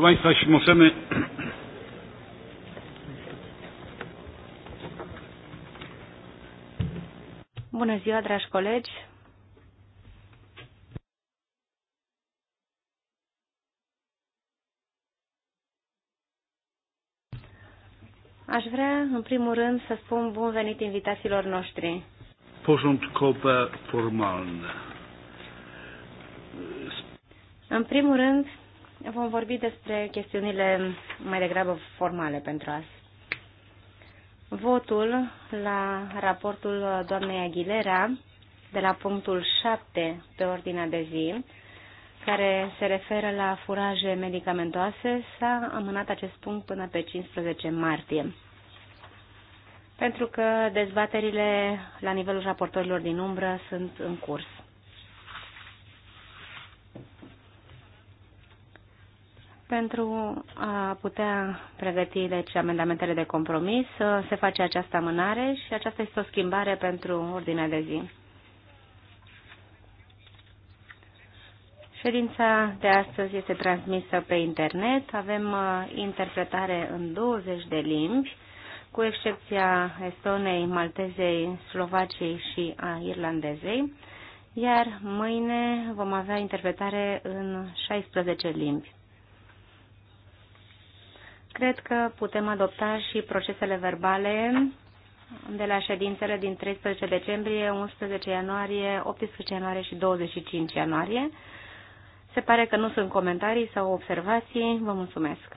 Proszę Państwa, jeśli możemy. Bună ziua, dragi colegi! Aș vrea, în primul rând, să spun bun venit invitațiilor noștri. Porządkowe formalne. În primul rând, vom vorbi despre chestiunile mai degrabă formale pentru azi. Votul la raportul doamnei Aguilera de la punctul 7 pe ordinea de zi, care se referă la furaje medicamentoase, s-a amânat acest punct până pe 15 martie. Pentru că dezbaterile la nivelul raportorilor din umbră sunt în curs. Pentru a putea pregăti deci, amendamentele de compromis, uh, se face această amânare și aceasta este o schimbare pentru ordinea de zi. Ședința de astăzi este transmisă pe internet. Avem uh, interpretare în 20 de limbi, cu excepția Estonei, Maltezei, Slovaciei și a Irlandezei, iar mâine vom avea interpretare în 16 limbi. Cred că putem adopta și procesele verbale de la ședințele din 13 decembrie, 11 ianuarie, 18 ianuarie și 25 ianuarie. Se pare că nu sunt comentarii sau observații. Vă mulțumesc.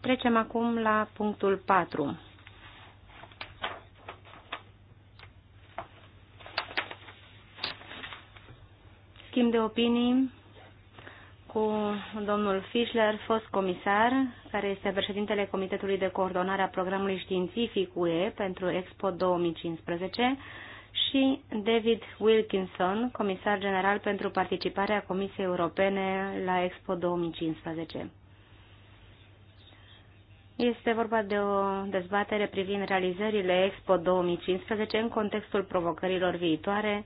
Trecem acum la punctul 4. Schimb de opinii cu domnul Fischler, fost comisar, care este președintele Comitetului de Coordonare a Programului Științific UE pentru Expo 2015 și David Wilkinson, comisar general pentru participarea Comisiei Europene la Expo 2015. Este vorba de o dezbatere privind realizările Expo 2015 în contextul provocărilor viitoare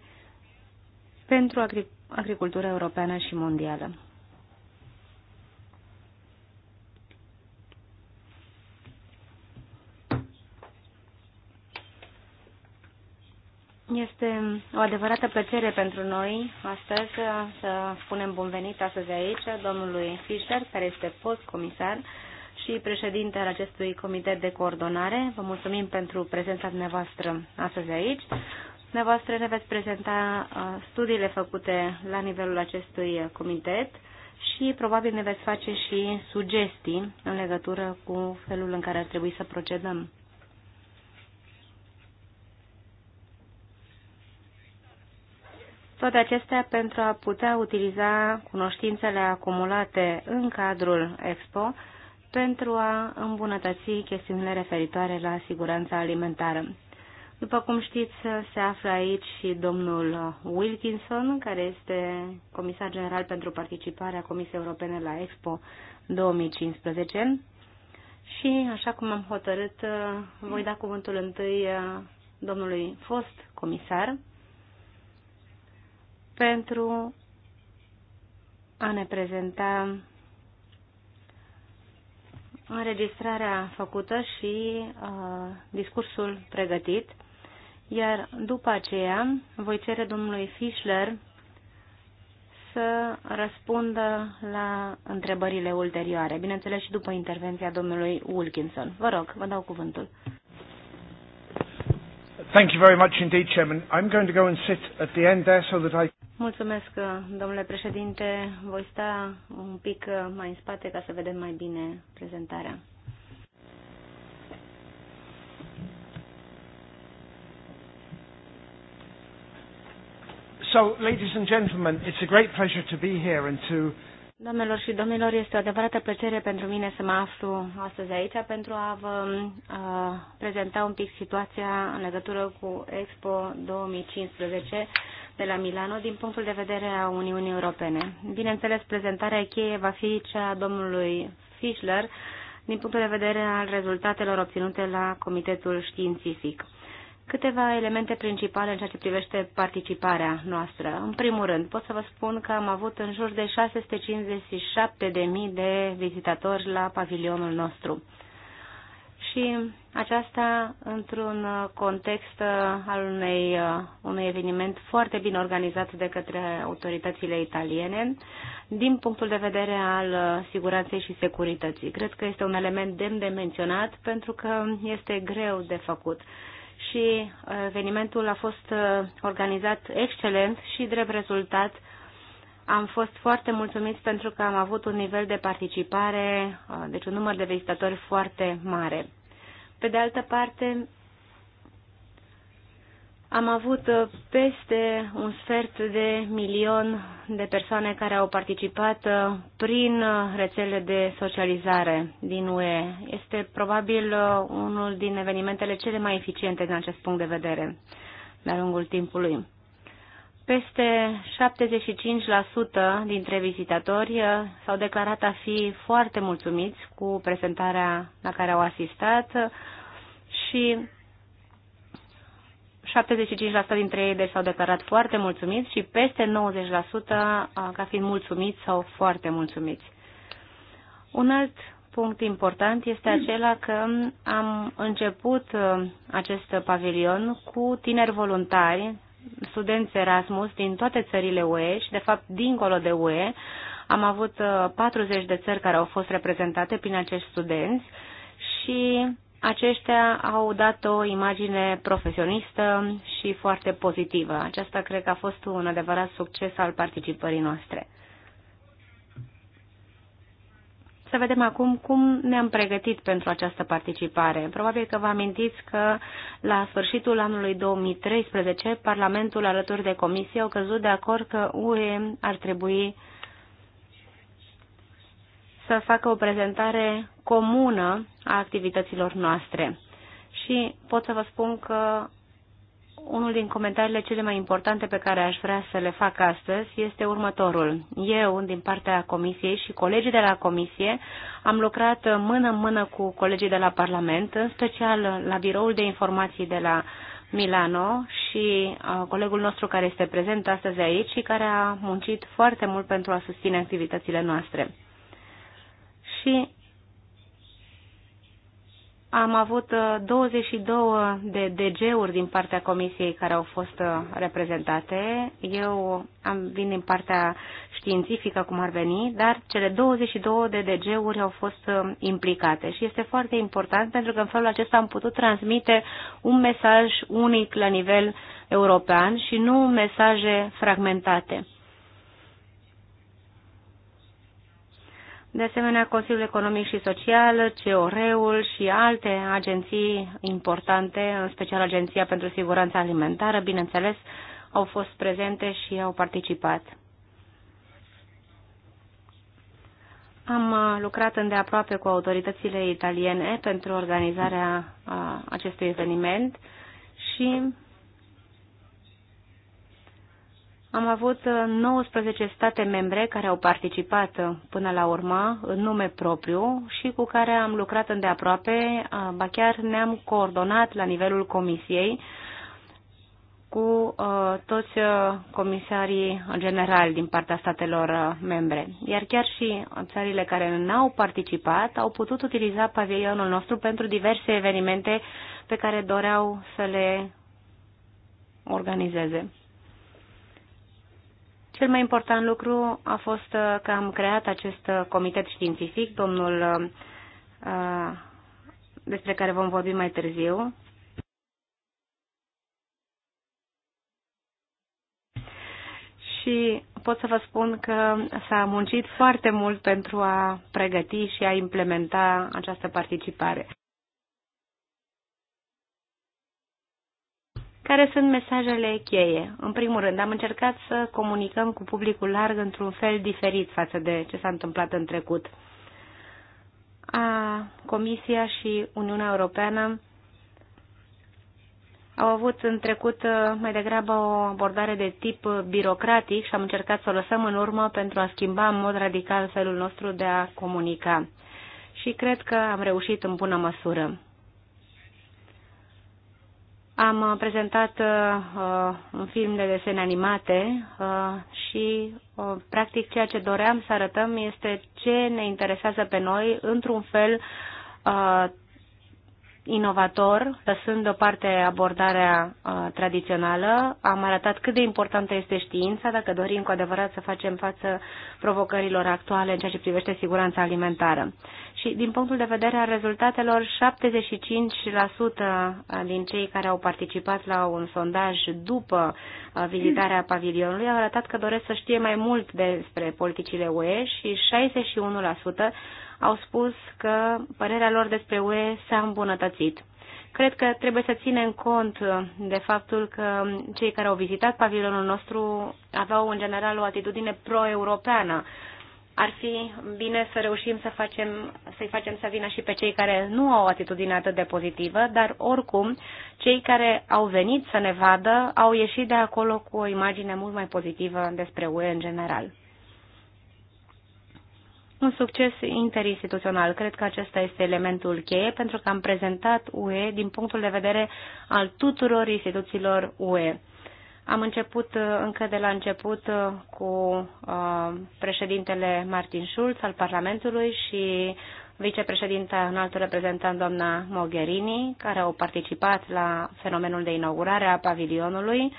pentru agricultura europeană și mondială. Este o adevărată plăcere pentru noi astăzi să spunem bun venit astăzi aici domnului Fischer, care este fost comisar și președinte al acestui comitet de coordonare. Vă mulțumim pentru prezența dumneavoastră astăzi aici. Dumneavoastră ne veți prezenta studiile făcute la nivelul acestui comitet și probabil ne veți face și sugestii în legătură cu felul în care ar trebui să procedăm. Toate acestea pentru a putea utiliza cunoștințele acumulate în cadrul Expo pentru a îmbunătăți chestiunile referitoare la siguranța alimentară. După cum știți, se află aici și domnul Wilkinson, care este comisar general pentru participarea Comisiei Europene la Expo 2015. Și, așa cum am hotărât, voi da cuvântul întâi domnului fost comisar, pentru a ne prezenta înregistrarea făcută și uh, discursul pregătit, iar după aceea voi cere domnului Fischler să răspundă la întrebările ulterioare, bineînțeles și după intervenția domnului Wilkinson. Vă rog, vă dau cuvântul. Thank you very much indeed, Chairman. I'm going to go and sit at the end there so that I Mulțumesc, domnule președinte. Voi sta un pic uh, mai în spate ca să vedem mai bine prezentarea. So, ladies and gentlemen, it's a great pleasure to be here and to Doamnelor și domnilor, este o adevărată plăcere pentru mine să mă aflu astăzi aici pentru a vă uh, prezenta un pic situația în legătură cu Expo 2015 de la Milano din punctul de vedere a Uniunii Europene. Bineînțeles, prezentarea cheie va fi cea a domnului Fischler din punctul de vedere al rezultatelor obținute la Comitetul Științific. Câteva elemente principale în ceea ce privește participarea noastră. În primul rând, pot să vă spun că am avut în jur de 657.000 de vizitatori la pavilionul nostru. Și aceasta într-un uh, context uh, al unei, uh, unui eveniment foarte bine organizat de către autoritățile italiene din punctul de vedere al siguranței și securității. Cred că este un element demn de menționat pentru că este greu de făcut și evenimentul a fost organizat excelent și drept rezultat am fost foarte mulțumiți pentru că am avut un nivel de participare, deci un număr de vizitatori foarte mare. Pe de altă parte, am avut uh, peste un sfert de milion de persoane care au participat uh, prin uh, rețele de socializare din UE. Este probabil unul din evenimentele cele mai eficiente din acest punct de vedere de-a lungul timpului. Peste 75% dintre vizitatori uh, s-au declarat a fi foarte mulțumiți cu prezentarea la care au asistat uh, și 75% dintre ei deci s-au declarat foarte mulțumiți și peste 90% uh, ca fiind mulțumiți sau foarte mulțumiți. Un alt punct important este acela că am început acest pavilion cu tineri voluntari studenți Erasmus din toate țările UE și, de fapt, dincolo de UE. Am avut 40 uh, de țări care au fost reprezentate prin acești studenți și aceștia au dat o imagine profesionistă și foarte pozitivă. Aceasta cred că a fost un adevărat succes al participării noastre. Să vedem acum cum ne-am pregătit pentru această participare. Probabil că vă amintiți că la sfârșitul anului 2013 Parlamentul alături de Comisie au căzut de acord că UE ar trebui să facă o prezentare comună a activităților noastre. Și pot să vă spun că unul din comentariile cele mai importante pe care aș vrea să le fac astăzi este următorul. Eu, din partea Comisiei și colegii de la Comisie, am lucrat mână-mână cu colegii de la Parlament, în special la Biroul de Informații de la Milano și uh, colegul nostru care este prezent astăzi aici și care a muncit foarte mult pentru a susține activitățile noastre. Și am avut 22 uh, de DG-uri din partea comisiei care au fost uh, reprezentate. Eu am vin din partea științifică, cum ar veni, dar cele 22 de DG-uri au fost uh, implicate și este foarte important pentru că în felul acesta am putut transmite un mesaj unic la nivel european și nu mesaje fragmentate. De asemenea, Consiliul Economic și Social, CEOR-ul și alte agenții importante, în special Agenția pentru Siguranța Alimentară, bineînțeles, au fost prezente și au participat. Am uh, lucrat îndeaproape cu autoritățile italiene pentru organizarea uh, acestui eveniment și Am avut 19 uh, state membre care au participat uh, până la urmă în nume propriu și cu care am lucrat îndeaproape, ba chiar ne-am coordonat la nivelul comisiei cu uh, toți uh, comisarii generali din partea statelor uh, membre. Iar chiar și țările care n-au participat au putut utiliza pavilionul nostru pentru diverse evenimente pe care doreau să le organizeze. Cel mai important lucru a fost uh, că am creat acest uh, comitet științific, domnul uh, despre care vom vorbi mai târziu. Și pot să vă spun că s-a muncit foarte mult pentru a pregăti și a implementa această participare. Care sunt mesajele cheie? În primul rând, am încercat să comunicăm cu publicul larg într-un fel diferit față de ce s-a întâmplat în trecut. A, Comisia și Uniunea Europeană au avut în trecut uh, mai degrabă o abordare de tip birocratic și am încercat să o lăsăm în urmă pentru a schimba în mod radical felul nostru de a comunica. Și cred că am reușit în bună măsură. Am uh, prezentat uh, uh, un film de desene animate uh, și, uh, practic, ceea ce doream să arătăm este ce ne interesează pe noi într-un fel uh, inovator, lăsând deoparte abordarea uh, tradițională. Am arătat cât de importantă este știința dacă dorim cu adevărat să facem față provocărilor actuale în ceea ce privește siguranța alimentară. Uh, și din punctul de vedere al rezultatelor, 75% din cei care au participat la un sondaj după uh, vizitarea pavilionului au arătat că doresc să știe mai mult despre politicile UE și 61% au spus că părerea lor despre UE s-a îmbunătățit. Cred că trebuie să ținem cont de faptul că cei care au vizitat pavilionul nostru aveau în general o atitudine pro-europeană ar fi bine să reușim să facem, să-i facem să vină și pe cei care nu au o atitudine atât de pozitivă, dar oricum cei care au venit să ne vadă au ieșit de acolo cu o imagine mult mai pozitivă despre UE în general. Un succes interinstituțional. Cred că acesta este elementul cheie pentru că am prezentat UE din punctul de vedere al tuturor instituțiilor UE am început uh, încă de la început uh, cu uh, președintele Martin Schulz al Parlamentului și vicepreședinta înaltă reprezentant doamna Mogherini, care au participat la fenomenul de inaugurare a pavilionului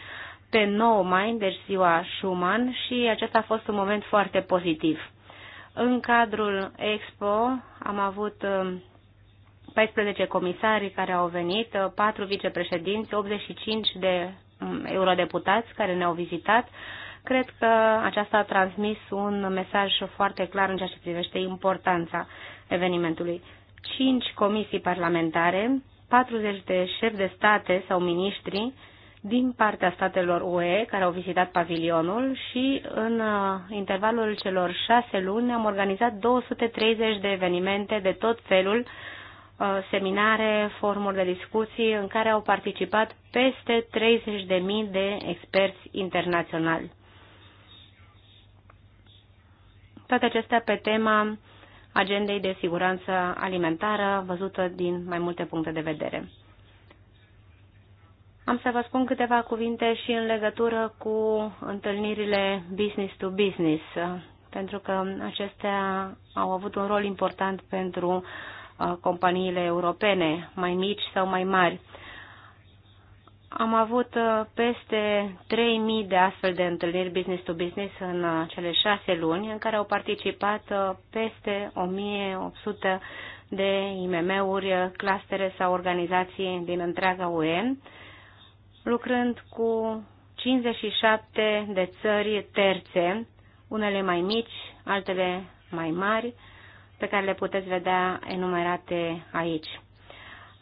pe 9 mai, deci ziua Schumann, și acesta a fost un moment foarte pozitiv. În cadrul Expo am avut 14 comisari care au venit, 4 vicepreședinți, 85 de Um, eurodeputați care ne-au vizitat. Cred că aceasta a transmis un mesaj foarte clar în ceea ce privește importanța evenimentului. Cinci comisii parlamentare, 40 de șefi de state sau miniștri din partea statelor UE care au vizitat pavilionul și în uh, intervalul celor șase luni am organizat 230 de evenimente de tot felul Uh, seminare, formuri de discuții în care au participat peste 30.000 de experți internaționali. Toate acestea pe tema agendei de siguranță alimentară văzută din mai multe puncte de vedere. Am să vă spun câteva cuvinte și în legătură cu întâlnirile business to business, pentru că acestea au avut un rol important pentru uh, companiile europene, mai mici sau mai mari. Am avut uh, peste 3.000 de astfel de întâlniri business to business în uh, cele șase luni, în care au participat uh, peste 1.800 de IMM-uri, clustere sau organizații din întreaga UE, lucrând cu 57 de țări terțe, unele mai mici, altele mai mari, pe care le puteți vedea enumerate aici.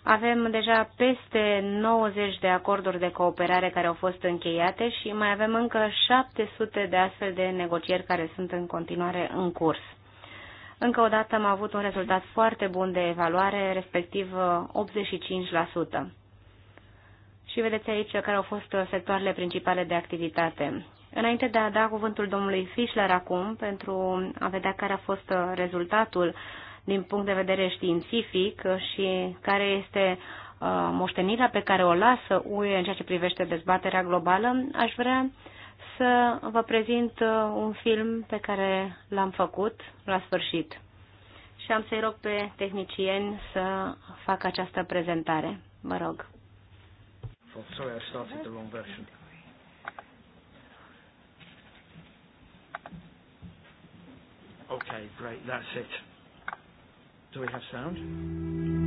Avem deja peste 90 de acorduri de cooperare care au fost încheiate și mai avem încă 700 de astfel de negocieri care sunt în continuare în curs. Încă o dată am avut un rezultat foarte bun de evaluare, respectiv 85%. Și vedeți aici care au fost sectoarele principale de activitate. Înainte de a da cuvântul domnului Fischler acum, pentru a vedea care a fost uh, rezultatul din punct de vedere științific uh, și care este uh, moștenirea pe care o lasă UE în ceea ce privește dezbaterea globală, aș vrea să vă prezint un film pe care l-am făcut la sfârșit. Și am să-i rog pe tehnicieni să facă această prezentare. Vă rog. Oh, sorry, I started the wrong version. Okay, great. That's it. Do we have sound?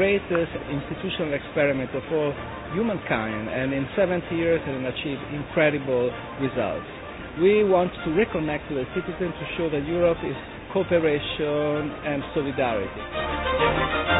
greatest institutional experiment of all humankind, and in 70 years it achieved incredible results. We want to reconnect to the citizens to show that Europe is cooperation and solidarity.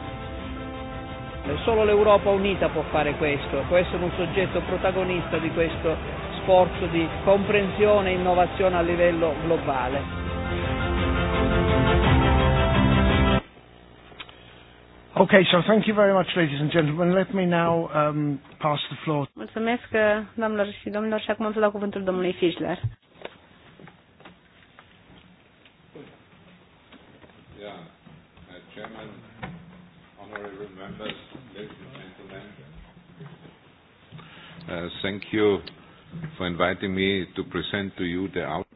Solo l'Europa unita può fare questo, può essere un soggetto protagonista di questo sforzo di comprensione e innovazione a livello globale. Okay, so thank you very much, ladies and gentlemen. Let me now um, pass the floor. Mulțumesc, doamnelor și domnilor, și acum am să dau cuvântul domnului Fischler. Yeah, uh, Chairman, honorary members, Uh, thank you for inviting me to present to you the out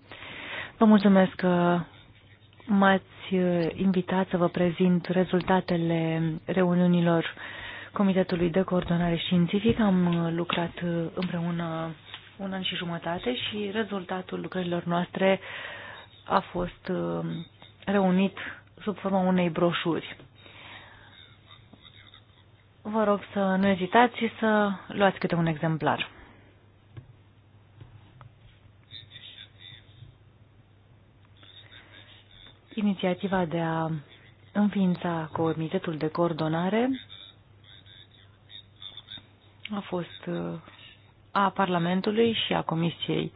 Vă mulțumesc că m-ați uh, invitat să vă prezint rezultatele reuniunilor Comitetului de Coordonare Științifică. Am uh, lucrat împreună un an și jumătate și rezultatul lucrărilor noastre a fost reunit sub forma unei broșuri. Vă rog să nu ezitați și să luați câte un exemplar. Inițiativa de a înființa Comitetul de Coordonare a fost a Parlamentului și a Comisiei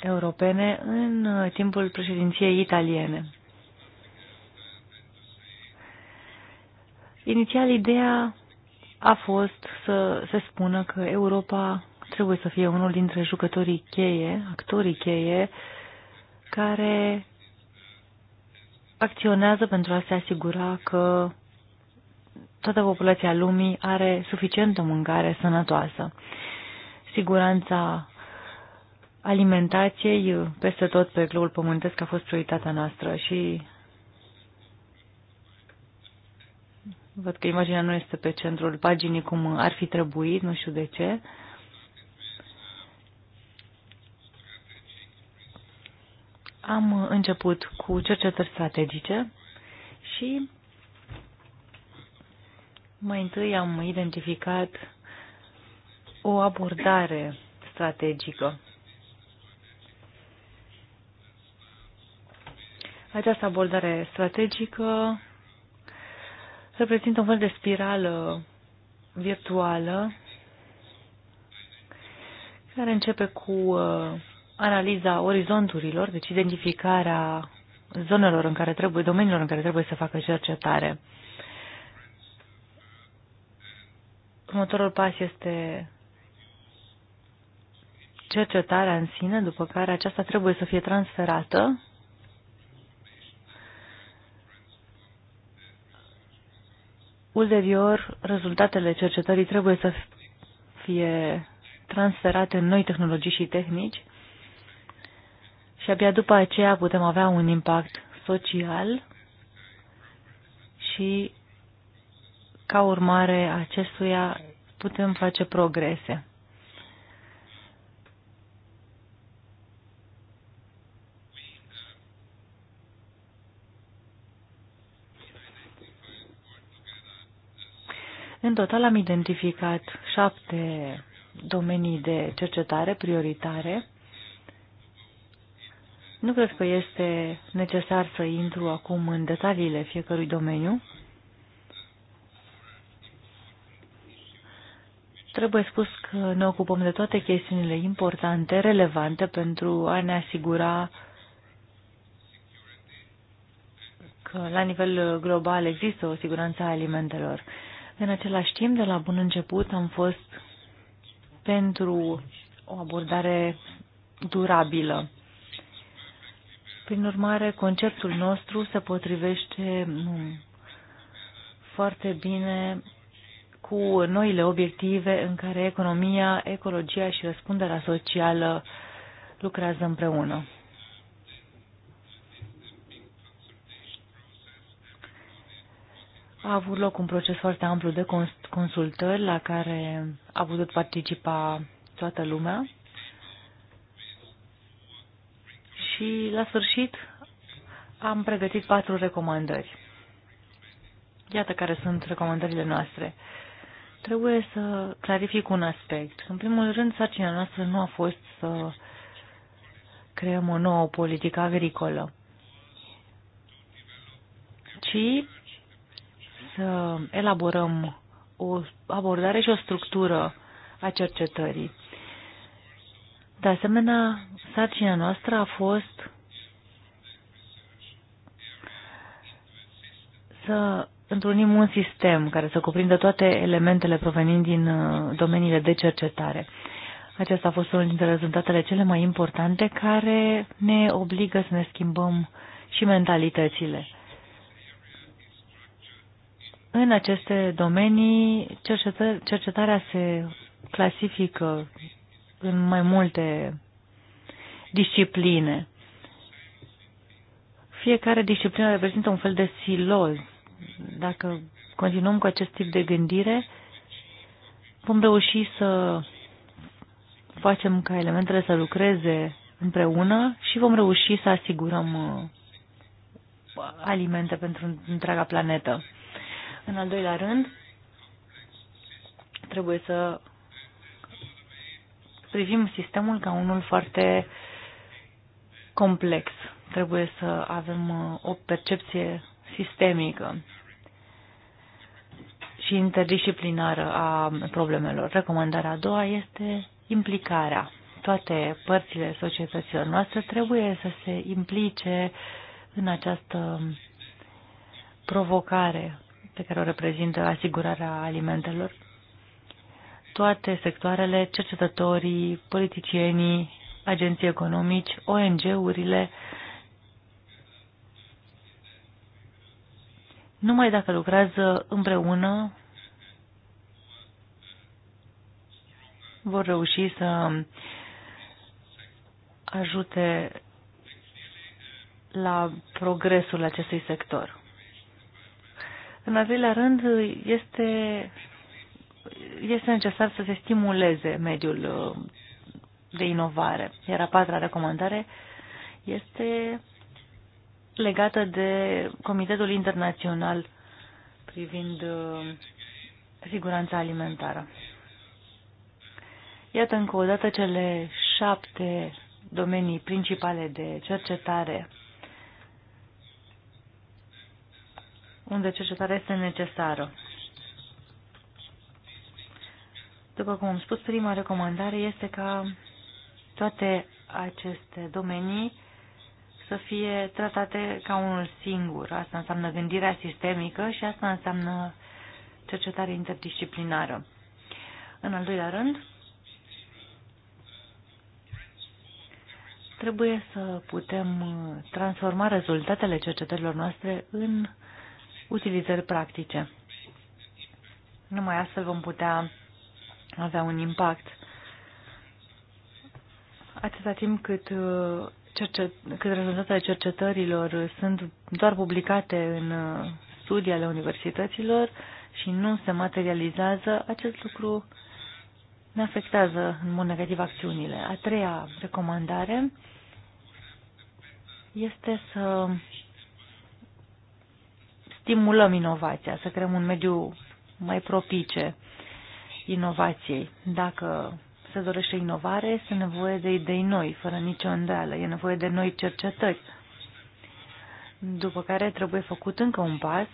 Europene în timpul președinției italiene. Inițial, ideea a fost să se spună că Europa trebuie să fie unul dintre jucătorii cheie, actorii cheie, care acționează pentru a se asigura că toată populația lumii are suficientă mâncare sănătoasă. Siguranța alimentației peste tot pe globul pământesc a fost prioritatea noastră și Văd că imaginea nu este pe centrul paginii cum ar fi trebuit, nu știu de ce. Am început cu cercetări strategice și mai întâi am identificat o abordare strategică. Această abordare strategică reprezintă un fel de spirală virtuală care începe cu uh, analiza orizonturilor, deci identificarea zonelor în care trebuie, domeniilor în care trebuie să facă cercetare. Următorul pas este cercetarea în sine, după care aceasta trebuie să fie transferată Ulterior, rezultatele cercetării trebuie să fie transferate în noi tehnologii și tehnici și abia după aceea putem avea un impact social și ca urmare acestuia putem face progrese. În total am identificat șapte domenii de cercetare prioritare. Nu cred că este necesar să intru acum în detaliile fiecărui domeniu. Trebuie spus că ne ocupăm de toate chestiunile importante, relevante pentru a ne asigura că la nivel global există o siguranță a alimentelor. În același timp, de la bun început, am fost pentru o abordare durabilă. Prin urmare, conceptul nostru se potrivește foarte bine cu noile obiective în care economia, ecologia și răspunderea socială lucrează împreună. A avut loc un proces foarte amplu de consultări la care a putut participa toată lumea. Și la sfârșit am pregătit patru recomandări. Iată care sunt recomandările noastre. Trebuie să clarific un aspect. În primul rând, sarcina noastră nu a fost să creăm o nouă politică agricolă, ci să elaborăm o abordare și o structură a cercetării. De asemenea, sarcina noastră a fost să întrunim un sistem care să cuprindă toate elementele provenind din uh, domeniile de cercetare. Acesta a fost unul dintre rezultatele cele mai importante care ne obligă să ne schimbăm și mentalitățile. În aceste domenii, cercetarea se clasifică în mai multe discipline. Fiecare disciplină reprezintă un fel de siloz. Dacă continuăm cu acest tip de gândire, vom reuși să facem ca elementele să lucreze împreună și vom reuși să asigurăm uh, alimente pentru întreaga planetă. În al doilea rând, trebuie să privim sistemul ca unul foarte complex. Trebuie să avem uh, o percepție sistemică și interdisciplinară a problemelor. Recomandarea a doua este implicarea. Toate părțile societăților noastre trebuie să se implice în această provocare pe care o reprezintă asigurarea alimentelor, toate sectoarele, cercetătorii, politicienii, agenții economici, ONG-urile. Numai dacă lucrează împreună, vor reuși să ajute la progresul acestui sector. În al treilea rând, este, este necesar să se stimuleze mediul uh, de inovare. Iar a patra recomandare este legată de Comitetul Internațional privind uh, siguranța alimentară. Iată încă o dată cele șapte domenii principale de cercetare unde cercetarea este necesară. După cum am spus, prima recomandare este ca toate aceste domenii să fie tratate ca unul singur. Asta înseamnă gândirea sistemică și asta înseamnă cercetare interdisciplinară. În al doilea rând, trebuie să putem transforma rezultatele cercetărilor noastre în utilizări practice. Numai astfel vom putea avea un impact. Atâta timp cât, uh, cercet, cât rezultatele cercetărilor sunt doar publicate în uh, studii ale universităților și nu se materializează, acest lucru ne afectează în mod negativ acțiunile. A treia recomandare este să stimulăm inovația, să creăm un mediu mai propice inovației. Dacă se dorește inovare, este nevoie de idei noi, fără nicio îndeală. E nevoie de noi cercetări. După care trebuie făcut încă un pas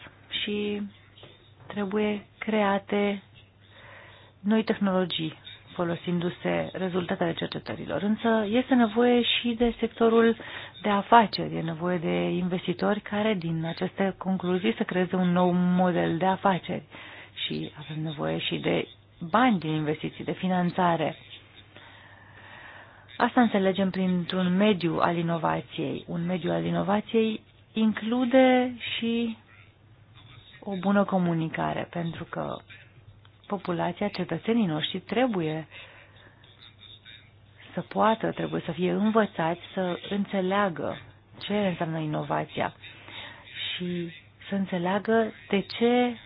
și trebuie create noi tehnologii, folosindu-se rezultatele cercetărilor. Însă este nevoie și de sectorul de afaceri, e nevoie de investitori care din aceste concluzii să creeze un nou model de afaceri și avem nevoie și de bani din investiții, de finanțare. Asta înțelegem printr-un mediu al inovației. Un mediu al inovației include și o bună comunicare, pentru că populația, cetățenii noștri trebuie să poată, trebuie să fie învățați să înțeleagă ce înseamnă inovația și să înțeleagă de ce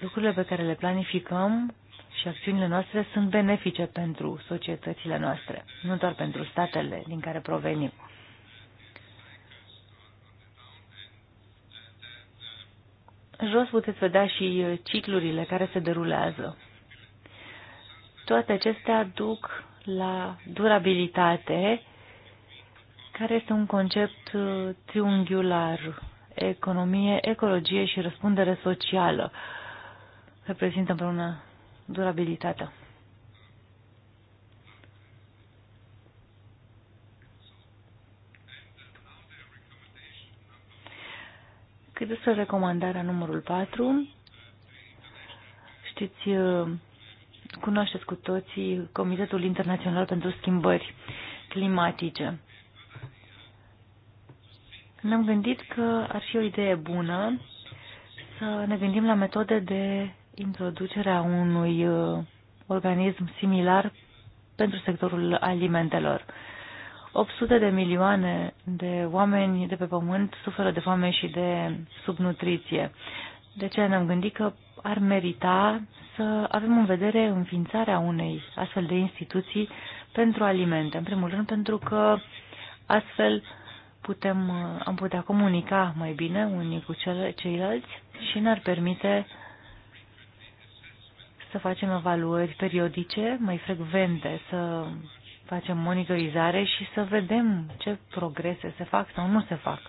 lucrurile pe care le planificăm și acțiunile noastre sunt benefice pentru societățile noastre, nu doar pentru statele din care provenim. Jos puteți vedea și ciclurile care se derulează. Toate acestea duc la durabilitate, care este un concept uh, triunghiular. Economie, ecologie și răspundere socială reprezintă împreună durabilitatea. Cât să recomandarea numărul 4, știți, cunoașteți cu toții Comitetul Internațional pentru Schimbări Climatice. Ne-am gândit că ar fi o idee bună să ne gândim la metode de introducere a unui uh, organism similar pentru sectorul alimentelor. 800 de milioane de oameni de pe pământ suferă de foame și de subnutriție. De ce ne-am gândit că ar merita să avem în vedere înființarea unei astfel de instituții pentru alimente. În primul rând pentru că astfel putem, am putea comunica mai bine unii cu ceilalți și ne-ar permite să facem evaluări periodice, mai frecvente, să facem monitorizare și să vedem ce progrese se fac sau nu se fac.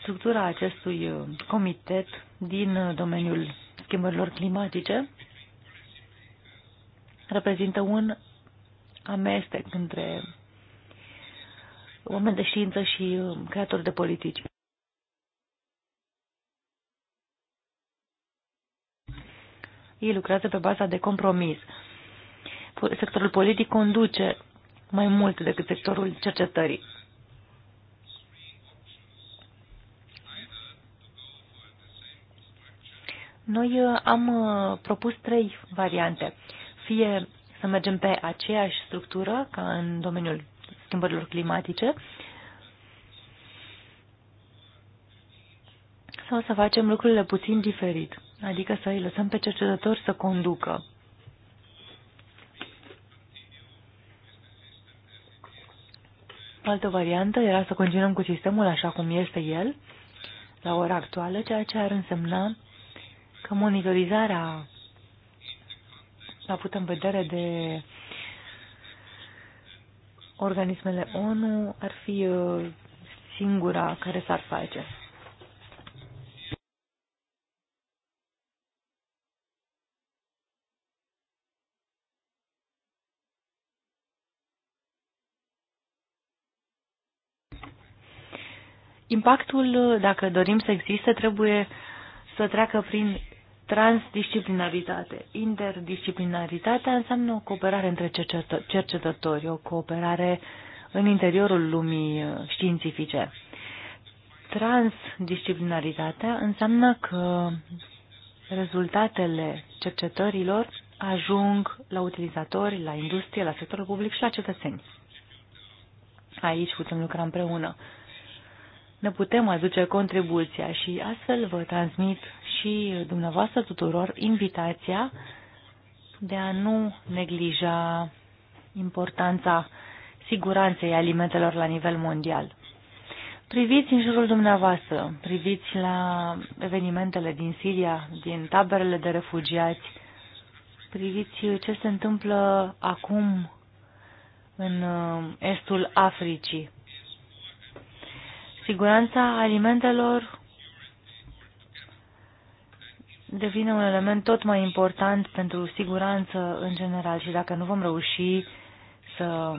Structura acestui comitet din domeniul schimbărilor climatice reprezintă un amestec între oameni de știință și creatori de politici. ei lucrează pe baza de compromis. Sectorul politic conduce mai mult decât sectorul cercetării. Noi uh, am uh, propus trei variante. Fie să mergem pe aceeași structură ca în domeniul schimbărilor climatice, sau să facem lucrurile puțin diferit adică să îi lăsăm pe cercetători să conducă. Altă variantă era să continuăm cu sistemul așa cum este el, la ora actuală, ceea ce ar însemna că monitorizarea la putem vedere de organismele ONU ar fi uh, singura care s-ar face. Impactul, dacă dorim să existe, trebuie să treacă prin transdisciplinaritate. Interdisciplinaritatea înseamnă o cooperare între cercetători, o cooperare în interiorul lumii uh, științifice. Transdisciplinaritatea înseamnă că rezultatele cercetărilor ajung la utilizatori, la industrie, la sectorul public și la cetățeni. Aici putem lucra împreună ne putem aduce contribuția și astfel vă transmit și dumneavoastră tuturor invitația de a nu neglija importanța siguranței alimentelor la nivel mondial. Priviți în jurul dumneavoastră, priviți la evenimentele din Siria, din taberele de refugiați, priviți ce se întâmplă acum în uh, estul Africii siguranța alimentelor devine un element tot mai important pentru siguranță în general și dacă nu vom reuși să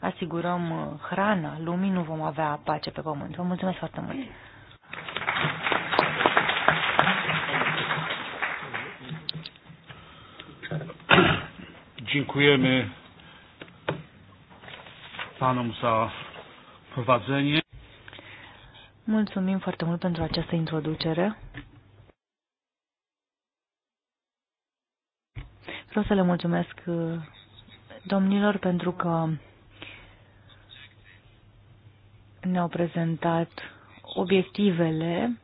asigurăm uh, hrana lumii, nu vom avea pace pe pământ. Vă mulțumesc foarte mult! Dziękujemy Panom za prowadzenie. Mulțumim foarte mult pentru această introducere. Vreau să le mulțumesc uh, domnilor pentru că ne-au prezentat obiectivele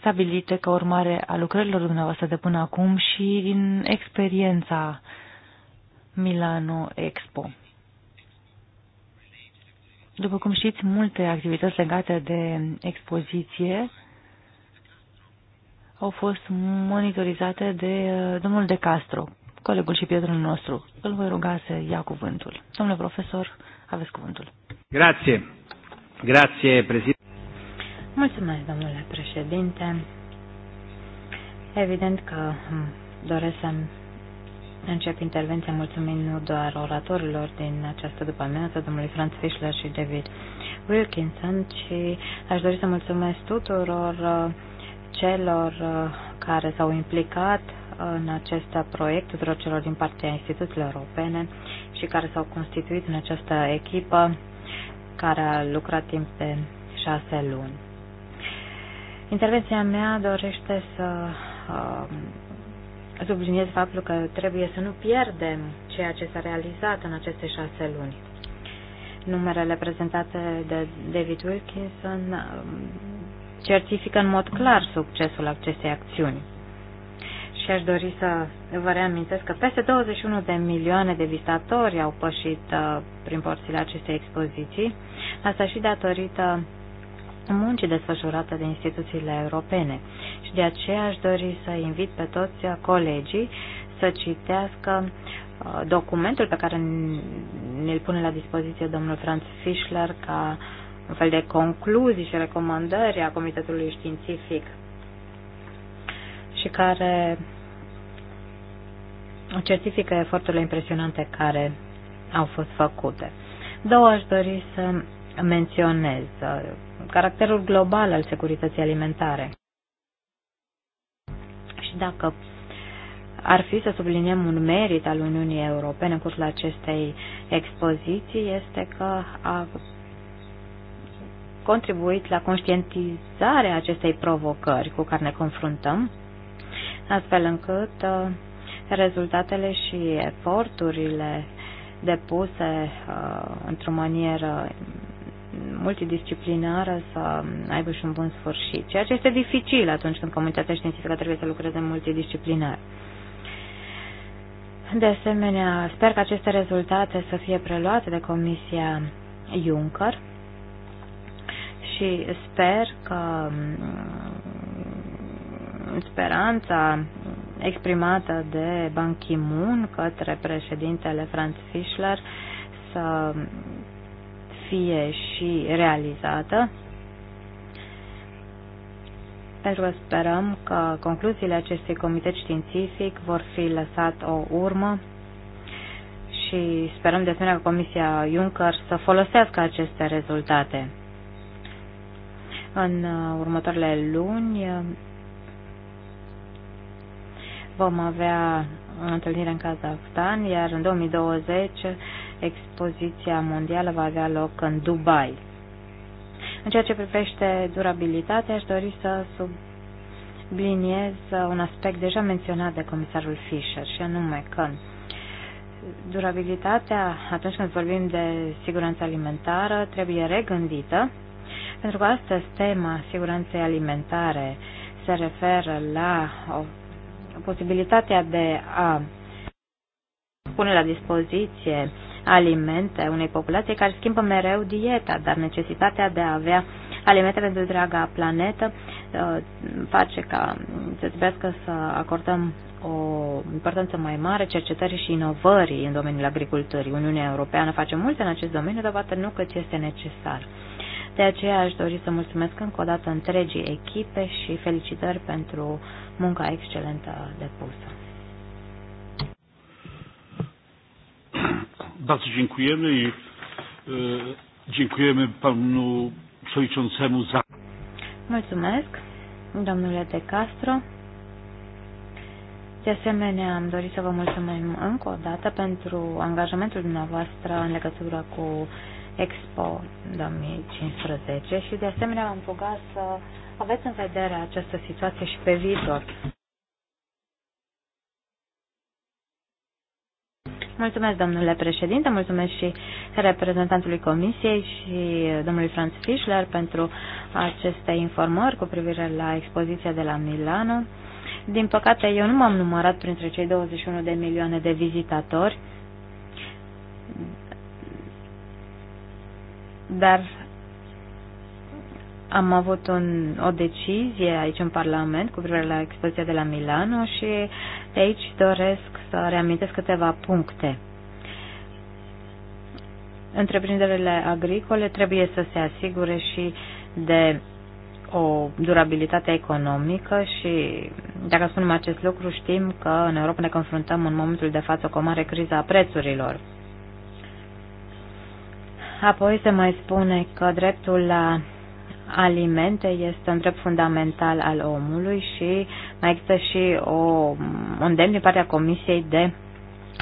stabilite ca urmare a lucrărilor dumneavoastră de până acum și din experiența Milano Expo. După cum știți, multe activități legate de expoziție au fost monitorizate de uh, domnul De Castro, colegul și prietenul nostru. Îl voi ruga să ia cuvântul. Domnule profesor, aveți cuvântul. Grație. Grație, președinte. Mulțumesc, domnule președinte. Evident că hmm, doresc să încep intervenția mulțumind nu doar oratorilor din această după-amiază, domnului Franz Fischler și David Wilkinson, ci aș dori să mulțumesc tuturor uh, celor uh, care s-au implicat în acest proiect, tuturor celor din partea instituțiilor europene și care s-au constituit în această echipă care a lucrat timp de șase luni. Intervenția mea dorește să uh, subliniez faptul că trebuie să nu pierdem ceea ce s-a realizat în aceste șase luni. Numerele prezentate de David Wilkinson um, certifică în mod clar succesul acestei acțiuni. Și aș dori să vă reamintesc că peste 21 de milioane de vizitatori au pășit uh, prin porțile acestei expoziții, asta și datorită muncii desfășurate de instituțiile europene. Și de aceea aș dori să invit pe toți colegii să citească uh, documentul pe care ne-l pune la dispoziție domnul Franz Fischler ca un fel de concluzii și recomandări a Comitetului Științific și care certifică eforturile impresionante care au fost făcute. Două aș dori să menționez uh, caracterul global al securității alimentare. Și dacă ar fi să subliniem un merit al Uniunii Europene în cursul acestei expoziții, este că a contribuit la conștientizarea acestei provocări cu care ne confruntăm, astfel încât uh, rezultatele și eforturile depuse uh, într-o manieră multidisciplinară să aibă și un bun sfârșit, ceea ce este dificil atunci când comunitatea științifică trebuie să lucreze multidisciplinar. De asemenea, sper că aceste rezultate să fie preluate de Comisia Juncker și sper că mm, speranța exprimată de Ban Ki-moon către președintele Franz Fischler să fie și realizată. Pentru deci că sperăm că concluziile acestui comitet științific vor fi lăsat o urmă și sperăm de asemenea că Comisia Juncker să folosească aceste rezultate. În uh, următoarele luni uh, vom avea întâlnire în Kazahstan, iar în 2020 Expoziția mondială va avea loc în Dubai. În ceea ce privește durabilitatea, aș dori să subliniez un aspect deja menționat de comisarul Fischer, și anume că durabilitatea, atunci când vorbim de siguranță alimentară, trebuie regândită, pentru că astăzi tema siguranței alimentare se referă la o, posibilitatea de a pune la dispoziție alimente unei populații care schimbă mereu dieta, dar necesitatea de a avea alimente pentru draga planetă uh, face ca să trebuiască să acordăm o importanță mai mare cercetării și inovării în domeniul agriculturii. Uniunea Europeană face multe în acest domeniu, dar poate nu cât este necesar. De aceea aș dori să mulțumesc încă o dată întregii echipe și felicitări pentru munca excelentă depusă. Bardzo dziękujemy i dziękujemy panu przewodniczącemu za. Mulțumesc, domnule De Castro. De asemenea, am dorit să vă mulțumim încă o dată pentru angajamentul dumneavoastră în legătură cu Expo 2015 și de asemenea am rugat să aveți în vedere această situație și pe viitor. Mulțumesc, domnule președinte, mulțumesc și reprezentantului Comisiei și domnului Franz Fischler pentru aceste informări cu privire la expoziția de la Milano. Din păcate, eu nu m-am numărat printre cei 21 de milioane de vizitatori, dar am avut un, o decizie aici în Parlament cu privire la expoziția de la Milano și de aici doresc să reamintesc câteva puncte. Întreprinderile agricole trebuie să se asigure și de o durabilitate economică și, dacă spunem acest lucru, știm că în Europa ne confruntăm în momentul de față cu o mare criză a prețurilor. Apoi se mai spune că dreptul la alimente este un drept fundamental al omului și mai există și o, un demn din partea Comisiei de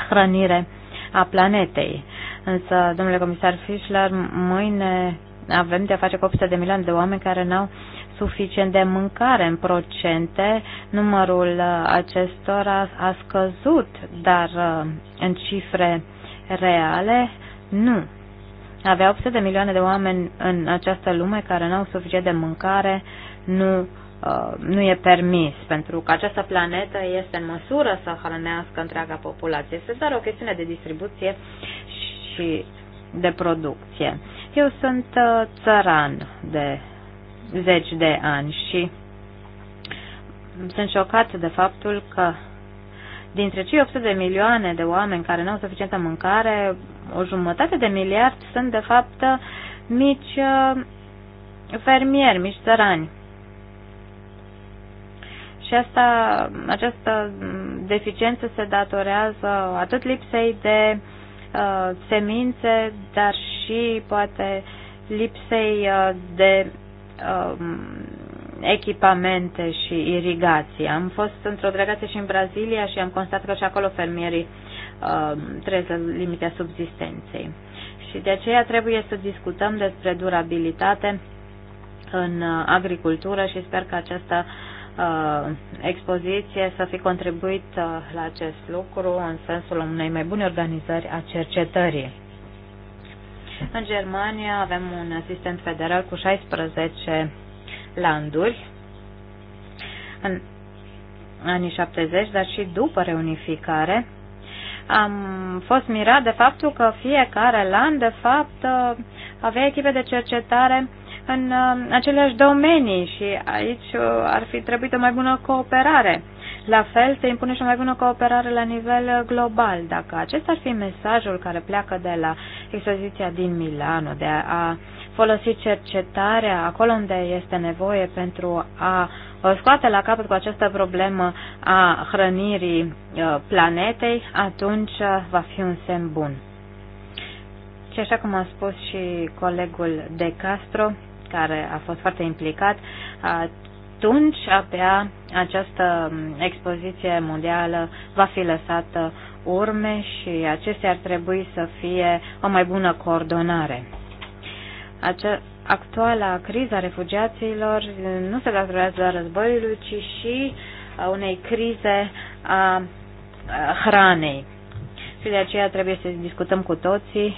Hrănire a Planetei. Însă, domnule comisar Fischler, mâine avem de a face cu 800 de milioane de oameni care n-au suficient de mâncare în procente. Numărul uh, acestora a scăzut, dar uh, în cifre reale nu avea 800 de milioane de oameni în această lume care nu au suficient de mâncare, nu, uh, nu e permis, pentru că această planetă este în măsură să hrănească întreaga populație. Este doar o chestiune de distribuție și de producție. Eu sunt uh, țăran de zeci de ani și sunt șocat de faptul că dintre cei 800 de milioane de oameni care nu au suficientă mâncare, o jumătate de miliard sunt de fapt mici uh, fermieri, mici țărani. Și asta, această deficiență se datorează atât lipsei de uh, semințe, dar și poate lipsei uh, de uh, echipamente și irigații. Am fost într-o delegație și în Brazilia și am constatat că și acolo fermierii uh, Um, să limita subsistenței. Și de aceea trebuie să discutăm despre durabilitate în uh, agricultură și sper că această uh, expoziție să fi contribuit uh, la acest lucru în sensul unei mai bune organizări a cercetării. În Germania avem un asistent federal cu 16 landuri. În anii 70, dar și după reunificare, am fost mirat de faptul că fiecare LAN, de fapt, avea echipe de cercetare în uh, aceleași domenii și aici uh, ar fi trebuit o mai bună cooperare. La fel, se impune și o mai bună cooperare la nivel uh, global. Dacă acesta ar fi mesajul care pleacă de la expoziția din Milano, de a folosi cercetarea acolo unde este nevoie pentru a Uh, scoate la capăt cu această problemă a hrănirii uh, planetei, atunci uh, va fi un semn bun. Și așa cum a spus și colegul De Castro, care a fost foarte implicat, atunci abia această um, expoziție mondială va fi lăsată urme și acestea ar trebui să fie o mai bună coordonare. Ace- actuala criza refugiaților nu se datorează doar războiului, ci și uh, unei crize a uh, hranei. Și de aceea trebuie să discutăm cu toții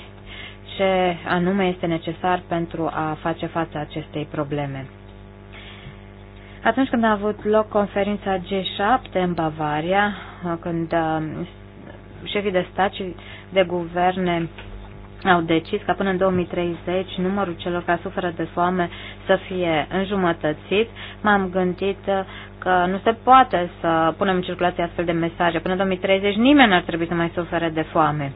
ce anume este necesar pentru a face față acestei probleme. Atunci când a avut loc conferința G7 în Bavaria, uh, când șefii de stat și de guverne au decis ca până în 2030 numărul celor care suferă de foame să fie înjumătățit, m-am gândit uh, că nu se poate să punem în circulație astfel de mesaje. Până în 2030 nimeni n-ar trebui să mai sufere de foame.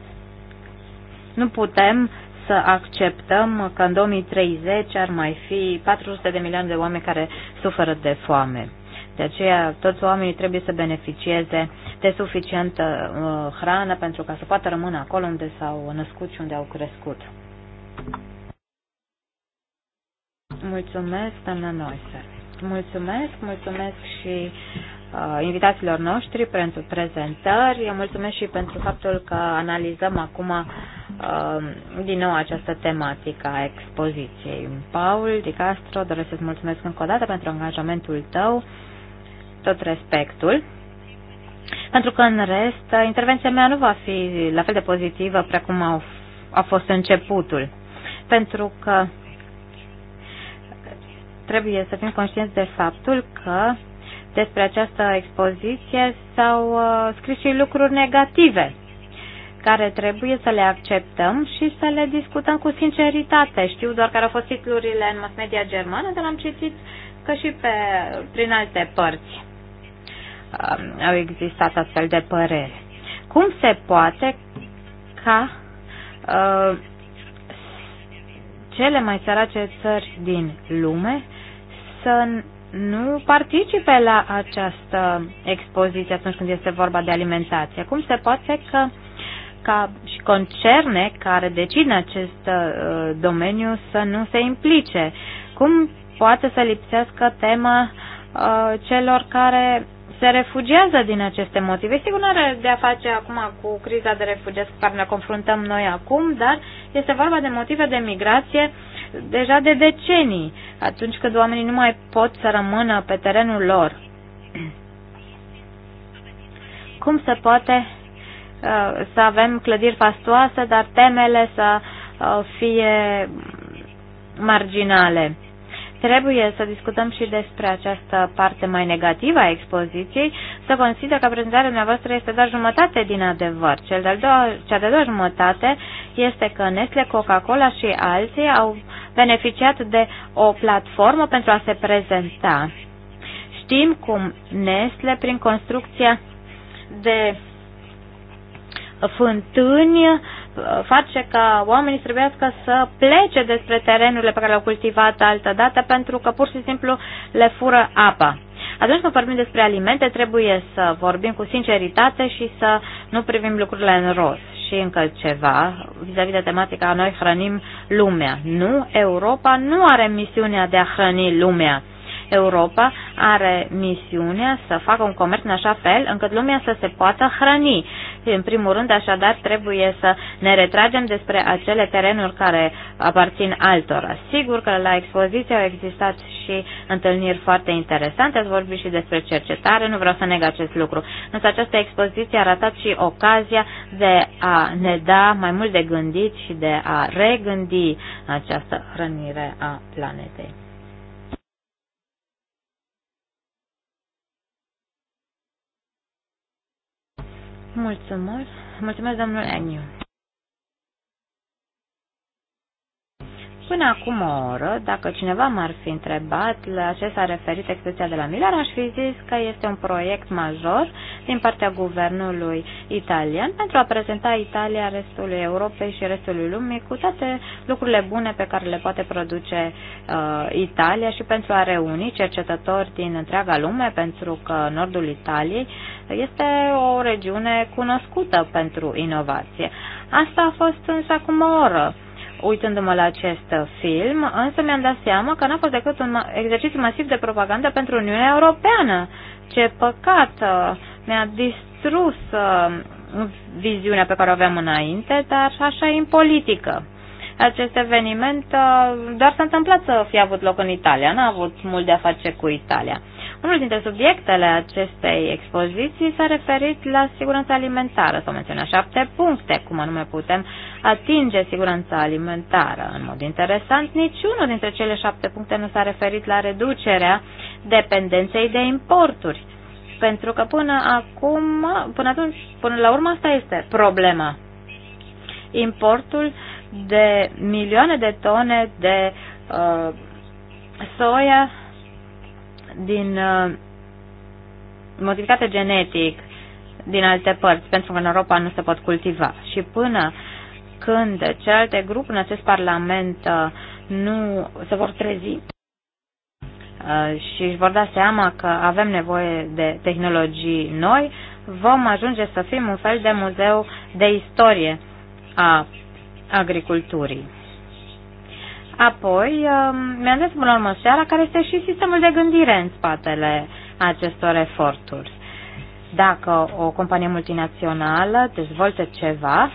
Nu putem să acceptăm că în 2030 ar mai fi 400 de milioane de oameni care suferă de foame. De aceea toți oamenii trebuie să beneficieze de suficientă uh, hrană pentru ca să poată rămâne acolo unde s-au născut și unde au crescut. Mulțumesc, doamna Noise. Mulțumesc, mulțumesc și uh, invitațiilor noștri pentru prezentări. Eu mulțumesc și pentru faptul că analizăm acum uh, din nou această tematică a expoziției. Paul Di Castro, doresc să-ți mulțumesc încă o dată pentru angajamentul tău tot respectul, pentru că în rest intervenția mea nu va fi la fel de pozitivă precum a, a fost începutul, pentru că trebuie să fim conștienți de faptul că despre această expoziție s-au uh, scris și lucruri negative care trebuie să le acceptăm și să le discutăm cu sinceritate. Știu doar care au fost titlurile în mass media germană, dar am citit că și pe, prin alte părți. Uh, au existat astfel de păreri. Cum se poate ca uh, cele mai sărace țări din lume să nu participe la această expoziție atunci când este vorba de alimentație? Cum se poate că ca și concerne care decid în acest uh, domeniu să nu se implice? Cum poate să lipsească tema uh, celor care se refugiază din aceste motive. Sigur, nu are de a face acum cu criza de refugiați cu care ne confruntăm noi acum, dar este vorba de motive de migrație deja de decenii, atunci când oamenii nu mai pot să rămână pe terenul lor. Cum se poate uh, să avem clădiri fastoase, dar temele să uh, fie marginale? Trebuie să discutăm și despre această parte mai negativă a expoziției, să consider că prezentarea dumneavoastră este doar jumătate din adevăr. Cel de-al doua, cea de-a doua jumătate este că Nestle, Coca-Cola și alții au beneficiat de o platformă pentru a se prezenta. Știm cum Nestle, prin construcția de fântâni, face ca oamenii să trebuiască să plece despre terenurile pe care le-au cultivat altă dată pentru că pur și simplu le fură apa. Atunci când vorbim despre alimente, trebuie să vorbim cu sinceritate și să nu privim lucrurile în roz. Și încă ceva, vis-a-vis -vis de tematica Noi hrănim lumea. Nu, Europa nu are misiunea de a hrăni lumea. Europa are misiunea să facă un comerț în așa fel încât lumea să se poată hrăni în primul rând, așadar, trebuie să ne retragem despre acele terenuri care aparțin altora. Sigur că la expoziție au existat și întâlniri foarte interesante, ați vorbit și despre cercetare, nu vreau să neg acest lucru. Însă această expoziție a arătat și ocazia de a ne da mai mult de gândit și de a regândi această hrănire a planetei. Mulțumesc. Mulțumesc, domnul Eniu. Până acum o oră, dacă cineva m-ar fi întrebat la ce s-a referit expoziția de la Milan, aș fi zis că este un proiect major din partea guvernului italian pentru a prezenta Italia restului Europei și restului lumii cu toate lucrurile bune pe care le poate produce uh, Italia și pentru a reuni cercetători din întreaga lume, pentru că nordul Italiei este o regiune cunoscută pentru inovație. Asta a fost însă acum o oră uitându-mă la acest film, însă mi-am dat seama că n-a fost decât un exercițiu masiv de propagandă pentru Uniunea Europeană. Ce păcat! Uh, mi-a distrus uh, viziunea pe care o aveam înainte, dar așa e în politică. Acest eveniment uh, doar s-a întâmplat să fie avut loc în Italia, n-a avut mult de a face cu Italia. Unul dintre subiectele acestei expoziții s-a referit la siguranța alimentară. S-au menționat șapte puncte, cum anume putem atinge siguranța alimentară. În mod interesant, niciunul dintre cele șapte puncte nu s-a referit la reducerea dependenței de importuri. Pentru că până acum, până atunci, până la urmă asta este problema. Importul de milioane de tone de uh, soia din uh, modificate genetic din alte părți, pentru că în Europa nu se pot cultiva. Și până când celelalte grupuri în acest Parlament uh, nu se vor trezi uh, și își vor da seama că avem nevoie de tehnologii noi, vom ajunge să fim un fel de muzeu de istorie a agriculturii. Apoi, um, mi-am dat până la urmă seara care este și sistemul de gândire în spatele acestor eforturi. Dacă o companie multinațională dezvoltă ceva,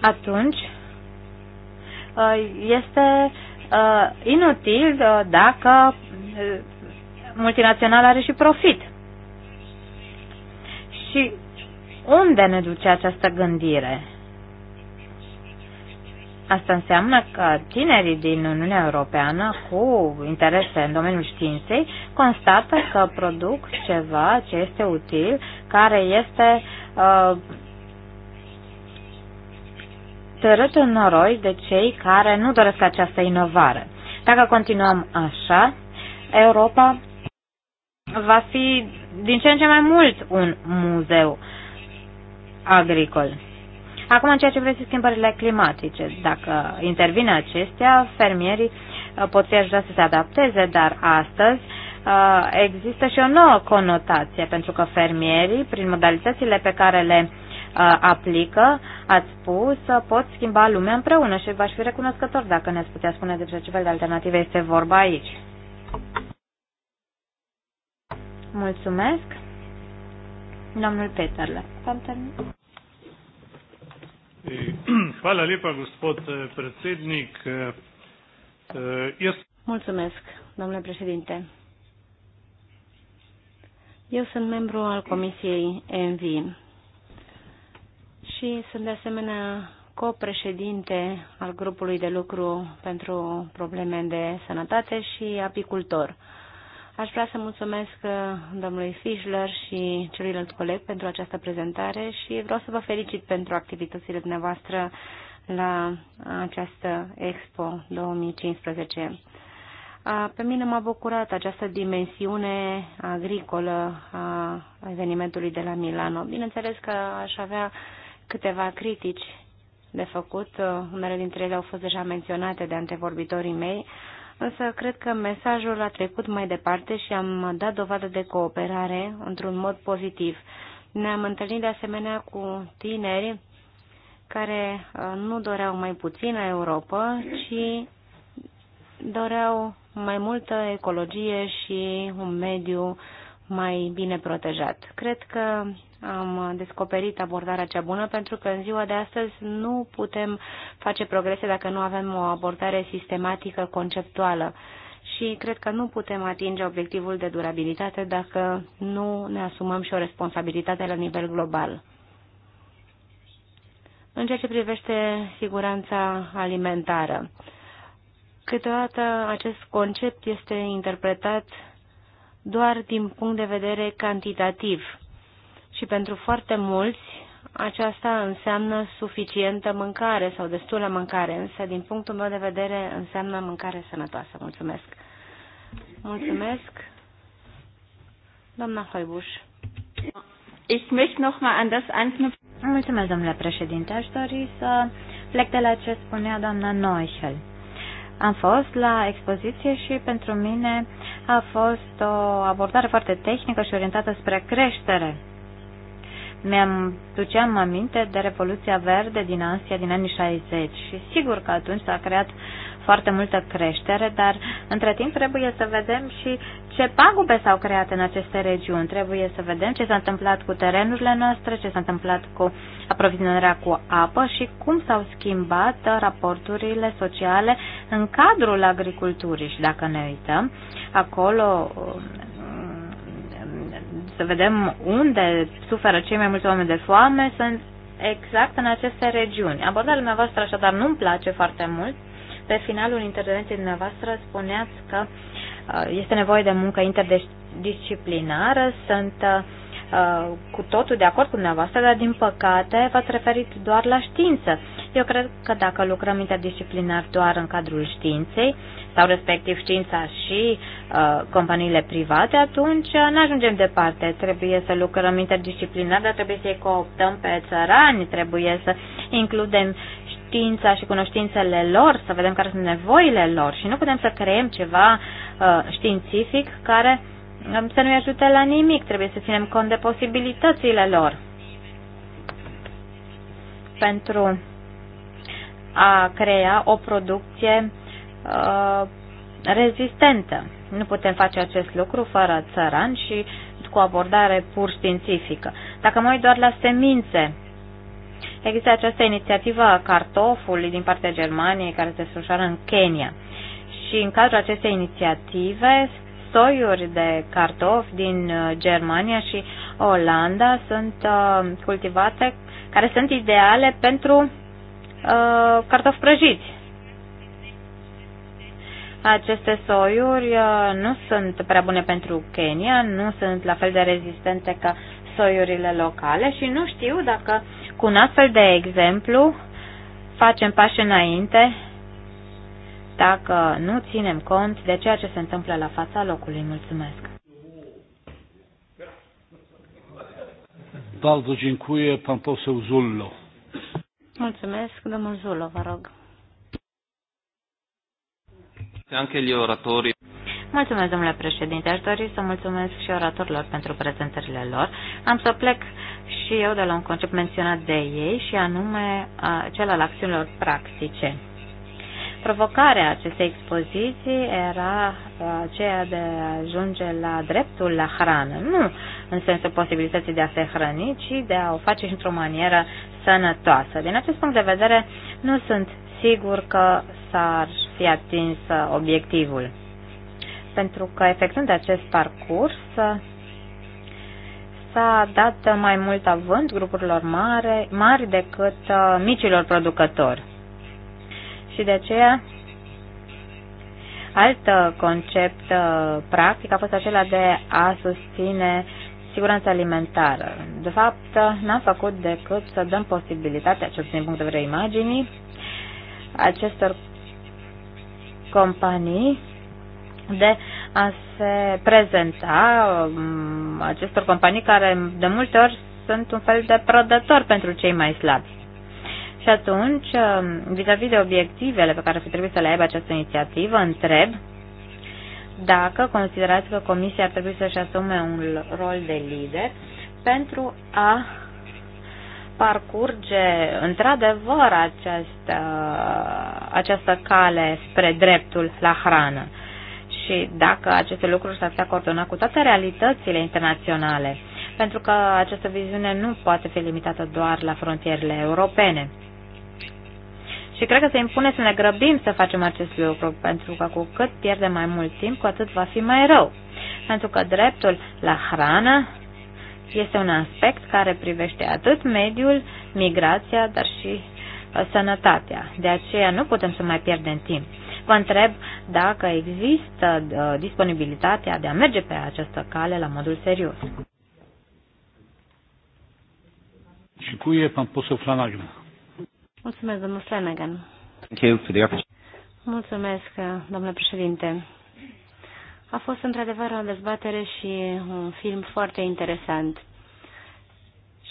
atunci uh, este uh, inutil uh, dacă multinațională are și profit. Și unde ne duce această gândire? Asta înseamnă că tinerii din Uniunea Europeană cu interese în domeniul științei constată că produc ceva ce este util, care este uh, tărât în noroi de cei care nu doresc această inovare. Dacă continuăm așa, Europa va fi din ce în ce mai mult un muzeu agricol. Acum, în ceea ce vreți schimbările climatice, dacă intervine acestea, fermierii uh, pot fi ajutați să se adapteze, dar astăzi uh, există și o nouă conotație, pentru că fermierii, prin modalitățile pe care le uh, aplică, ați spus, pot schimba lumea împreună și v-aș fi recunoscător dacă ne-ați putea spune despre ce fel de alternative este vorba aici. Mulțumesc. Domnul Peterle. Am terminat. Hvala lepa, gospod eh, predsednik. Eu... Eh, eh, Mulțumesc, domnule președinte. Eu sunt membru al Comisiei ENVI și sunt de asemenea copreședinte al grupului de lucru pentru probleme de sănătate și apicultor. Aș vrea să mulțumesc uh, domnului Fischler și celuilalt coleg pentru această prezentare și vreau să vă felicit pentru activitățile dumneavoastră la această Expo 2015. Pe mine m-a bucurat această dimensiune agricolă a evenimentului de la Milano. Bineînțeles că aș avea câteva critici de făcut, uh, unele dintre ele au fost deja menționate de antevorbitorii mei, însă cred că mesajul a trecut mai departe și am dat dovadă de cooperare într-un mod pozitiv. Ne-am întâlnit de asemenea cu tineri care uh, nu doreau mai puțină Europa, ci doreau mai multă ecologie și un mediu mai bine protejat. Cred că am descoperit abordarea cea bună, pentru că în ziua de astăzi nu putem face progrese dacă nu avem o abordare sistematică, conceptuală. Și cred că nu putem atinge obiectivul de durabilitate dacă nu ne asumăm și o responsabilitate la nivel global. În ceea ce privește siguranța alimentară, câteodată acest concept este interpretat doar din punct de vedere cantitativ și pentru foarte mulți aceasta înseamnă suficientă mâncare sau destulă mâncare, însă din punctul meu de vedere înseamnă mâncare sănătoasă. Mulțumesc! Mulțumesc! Doamna Hoibuș. Ich möchte noch mal an das anknüpfen. Mulțumesc, domnule președinte. Aș dori să plec de la ce spunea doamna Noichel. Am fost la expoziție și pentru mine a fost o abordare foarte tehnică și orientată spre creștere mi-am duceam aminte de Revoluția Verde din Asia din anii 60 și sigur că atunci s-a creat foarte multă creștere, dar între timp trebuie să vedem și ce pagube s-au creat în aceste regiuni. Trebuie să vedem ce s-a întâmplat cu terenurile noastre, ce s-a întâmplat cu aprovizionarea cu apă și cum s-au schimbat raporturile sociale în cadrul agriculturii. Și dacă ne uităm, acolo să vedem unde suferă cei mai mulți oameni de foame, sunt exact în aceste regiuni. Abordarea dumneavoastră așadar nu-mi place foarte mult. Pe finalul intervenției dumneavoastră spuneați că uh, este nevoie de muncă interdisciplinară, sunt uh, cu totul de acord cu dumneavoastră, dar din păcate v-ați referit doar la știință. Eu cred că dacă lucrăm interdisciplinar doar în cadrul științei, sau respectiv știința și uh, companiile private, atunci uh, nu ajungem departe. Trebuie să lucrăm interdisciplinar, dar trebuie să-i cooptăm pe țărani, trebuie să includem știința și cunoștințele lor, să vedem care sunt nevoile lor și nu putem să creăm ceva uh, științific care um, să nu-i ajute la nimic. Trebuie să ținem cont de posibilitățile lor. Pentru a crea o producție uh, rezistentă. Nu putem face acest lucru fără țăran și cu abordare pur științifică. Dacă mă uit doar la semințe, există această inițiativă a cartofului din partea Germaniei care se desfășoară în Kenya. Și în cadrul acestei inițiative, soiuri de cartofi din uh, Germania și Olanda sunt uh, cultivate, care sunt ideale pentru Uh, cartofi prăjiți. Aceste soiuri uh, nu sunt prea bune pentru Kenya, nu sunt la fel de rezistente ca soiurile locale și nu știu dacă cu un astfel de exemplu facem pași înainte dacă nu ținem cont de ceea ce se întâmplă la fața locului. Mulțumesc! Bardzo dziękuję. Pan poseł Zullo. Mulțumesc, domnul Zulo, vă rog. Mulțumesc, domnule președinte. Aș dori să mulțumesc și oratorilor pentru prezentările lor. Am să plec și eu de la un concept menționat de ei și anume cel al acțiunilor practice. Provocarea acestei expoziții era aceea de a ajunge la dreptul la hrană, nu în sensul posibilității de a se hrăni, ci de a o face într-o manieră sănătoasă. Din acest punct de vedere, nu sunt sigur că s-ar fi atins uh, obiectivul. Pentru că efectuând acest parcurs s-a dat mai mult avânt grupurilor mare, mari decât uh, micilor producători. Și de aceea alt uh, concept practic a fost acela de a susține siguranța alimentară. De fapt, n-am făcut decât să dăm posibilitatea, cel puțin din punct de vedere imaginii, acestor companii de a se prezenta um, acestor companii care de multe ori sunt un fel de prădători pentru cei mai slabi. Și atunci, um, vis-a-vis -vis de obiectivele pe care trebuie să le aibă această inițiativă, întreb dacă considerați că Comisia ar trebui să-și asume un rol de lider pentru a parcurge într-adevăr această, această cale spre dreptul la hrană și dacă aceste lucruri s-ar putea coordona cu toate realitățile internaționale, pentru că această viziune nu poate fi limitată doar la frontierele europene. Și cred că se impune să ne grăbim să facem acest lucru, pentru că cu cât pierdem mai mult timp, cu atât va fi mai rău. Pentru că dreptul la hrană este un aspect care privește atât mediul, migrația, dar și uh, sănătatea. De aceea nu putem să mai pierdem timp. Vă întreb dacă există uh, disponibilitatea de a merge pe această cale la modul serios. Dziękuję. Pan poseł Flanagan. Mulțumesc, domnul Flanagan. Thank you for the opportunity. Mulțumesc, domnule președinte. A fost într-adevăr o dezbatere și un film foarte interesant.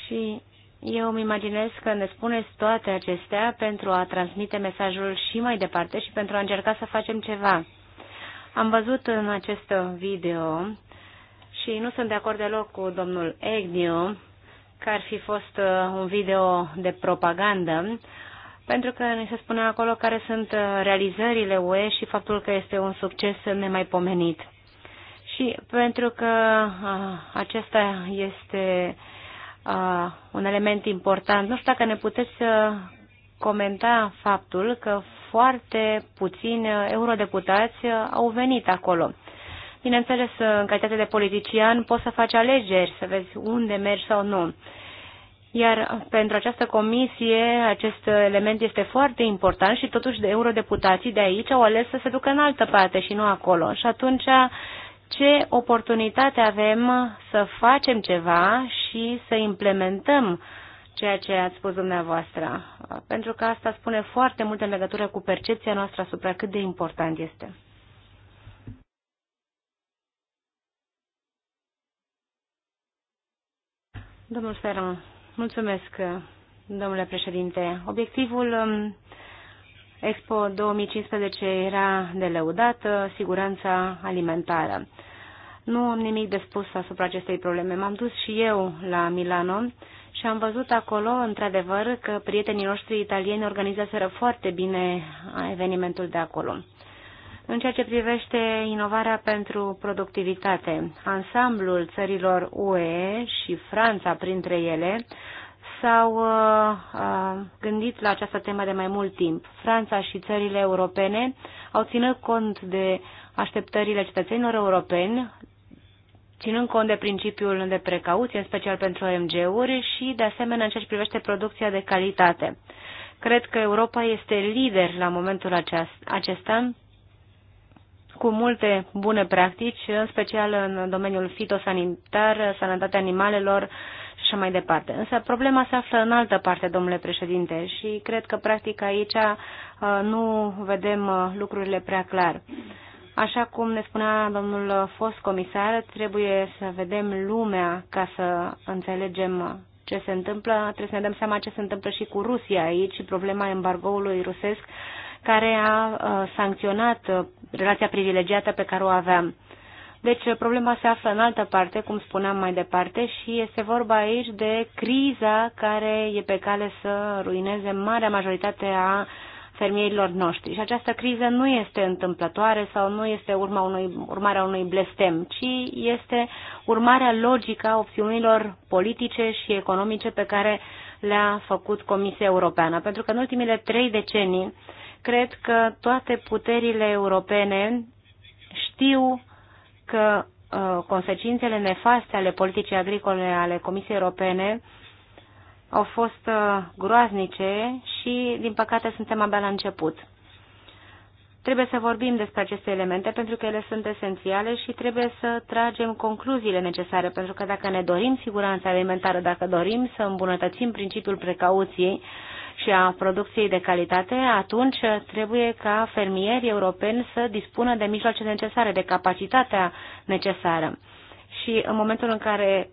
Și eu îmi imaginez că ne spuneți toate acestea pentru a transmite mesajul și mai departe și pentru a încerca să facem ceva. Am văzut în acest video și nu sunt de acord deloc cu domnul Egniu că ar fi fost uh, un video de propagandă, pentru că ne se spunea acolo care sunt uh, realizările UE și faptul că este un succes nemaipomenit. Și pentru că uh, acesta este un element important, nu știu dacă ne puteți comenta faptul că foarte puțini eurodeputați au venit acolo. Bineînțeles, în calitate de politician poți să faci alegeri, să vezi unde mergi sau nu. Iar pentru această comisie, acest element este foarte important și totuși de eurodeputații de aici au ales să se ducă în altă parte și nu acolo. Și atunci, ce oportunitate avem să facem ceva și să implementăm ceea ce ați spus dumneavoastră? Pentru că asta spune foarte mult în legătură cu percepția noastră asupra cât de important este. Domnul Ferran, mulțumesc, domnule președinte. Obiectivul um, Expo 2015 era de lăudat, uh, siguranța alimentară. Nu am nimic de spus asupra acestei probleme. M-am dus și eu la Milano și am văzut acolo, într-adevăr, că prietenii noștri italieni organizaseră foarte bine evenimentul de acolo. În ceea ce privește inovarea pentru productivitate, ansamblul țărilor UE și Franța printre ele s-au uh, uh, gândit la această temă de mai mult timp. Franța și țările europene au ținut cont de așteptările cetățenilor europeni, ținând cont de principiul de precauție, în special pentru OMG-uri și, de asemenea, în ceea ce privește producția de calitate. Cred că Europa este lider la momentul acesta cu multe bune practici, în special în domeniul fitosanitar, sănătatea animalelor și așa mai departe. Însă problema se află în altă parte, domnule președinte, și cred că practic aici uh, nu vedem uh, lucrurile prea clar. Așa cum ne spunea domnul fost comisar, trebuie să vedem lumea ca să înțelegem uh, ce se întâmplă. Trebuie să ne dăm seama ce se întâmplă și cu Rusia aici și problema embargoului rusesc care a uh, sancționat uh, relația privilegiată pe care o aveam. Deci uh, problema se află în altă parte, cum spuneam mai departe, și este vorba aici de criza care e pe cale să ruineze marea majoritate a fermierilor noștri. Și această criză nu este întâmplătoare sau nu este urma unui, urmarea unui blestem, ci este urmarea logică a opțiunilor politice și economice pe care le-a făcut Comisia Europeană. Pentru că în ultimele trei decenii Cred că toate puterile europene știu că uh, consecințele nefaste ale politicii agricole ale Comisiei Europene au fost uh, groaznice și, din păcate, suntem abia la început. Trebuie să vorbim despre aceste elemente pentru că ele sunt esențiale și trebuie să tragem concluziile necesare, pentru că dacă ne dorim siguranța alimentară, dacă dorim să îmbunătățim principiul precauției, și a producției de calitate, atunci trebuie ca fermierii europeni să dispună de mijloace necesare, de capacitatea necesară. Și în momentul în care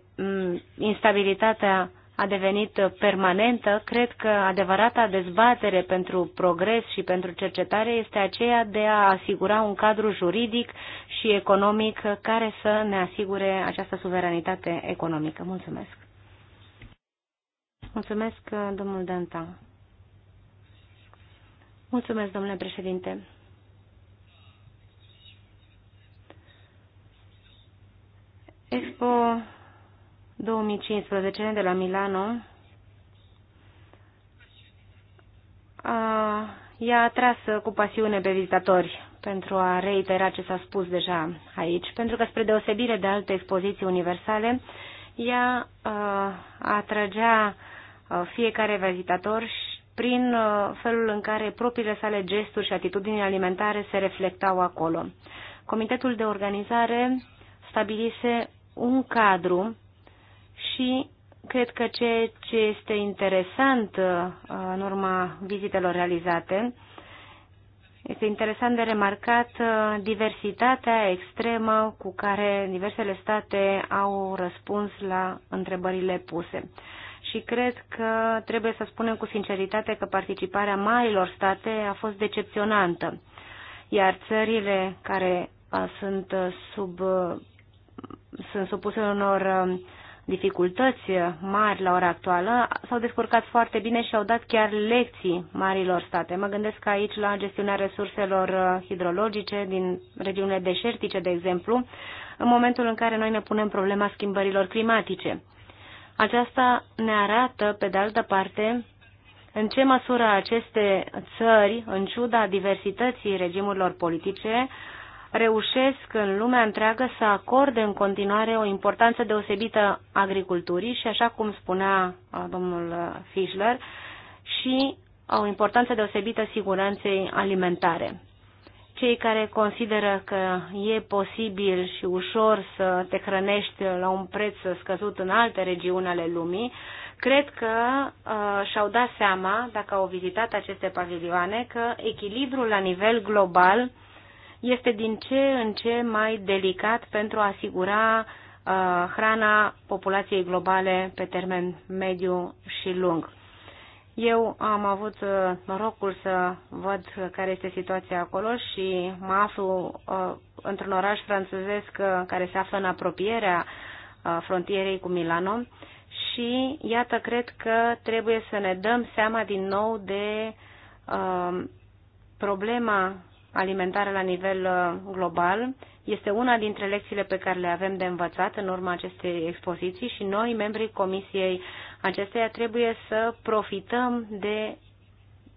instabilitatea a devenit permanentă, cred că adevărata dezbatere pentru progres și pentru cercetare este aceea de a asigura un cadru juridic și economic care să ne asigure această suveranitate economică. Mulțumesc! Mulțumesc, domnul Danta. Mulțumesc, domnule președinte. Expo 2015 de la Milano i-a atras cu pasiune pe vizitatori pentru a reitera ce s-a spus deja aici, pentru că spre deosebire de alte expoziții universale, ea atragea atrăgea fiecare vizitator prin uh, felul în care propriile sale gesturi și atitudini alimentare se reflectau acolo. Comitetul de organizare stabilise un cadru și cred că ceea ce este interesant uh, în urma vizitelor realizate este interesant de remarcat uh, diversitatea extremă cu care diversele state au răspuns la întrebările puse și cred că trebuie să spunem cu sinceritate că participarea marilor state a fost decepționantă, iar țările care sunt, sub, sunt supuse unor dificultăți mari la ora actuală s-au descurcat foarte bine și au dat chiar lecții marilor state. Mă gândesc aici la gestiunea resurselor hidrologice din regiunile deșertice, de exemplu, în momentul în care noi ne punem problema schimbărilor climatice. Aceasta ne arată, pe de altă parte, în ce măsură aceste țări, în ciuda diversității regimurilor politice, reușesc în lumea întreagă să acorde în continuare o importanță deosebită agriculturii și, așa cum spunea uh, domnul Fischler, și o importanță deosebită siguranței alimentare. Cei care consideră că e posibil și ușor să te hrănești la un preț scăzut în alte regiuni ale lumii, cred că uh, și-au dat seama, dacă au vizitat aceste pavilioane, că echilibrul la nivel global este din ce în ce mai delicat pentru a asigura uh, hrana populației globale pe termen mediu și lung. Eu am avut uh, norocul să văd care este situația acolo și mă aflu uh, într-un oraș franțuzesc uh, care se află în apropierea frontierei cu Milano și iată, cred că trebuie să ne dăm seama din nou de problema alimentară la nivel global. Este una dintre lecțiile pe care le avem de învățat în urma acestei expoziții și noi, membrii Comisiei acesteia trebuie să profităm de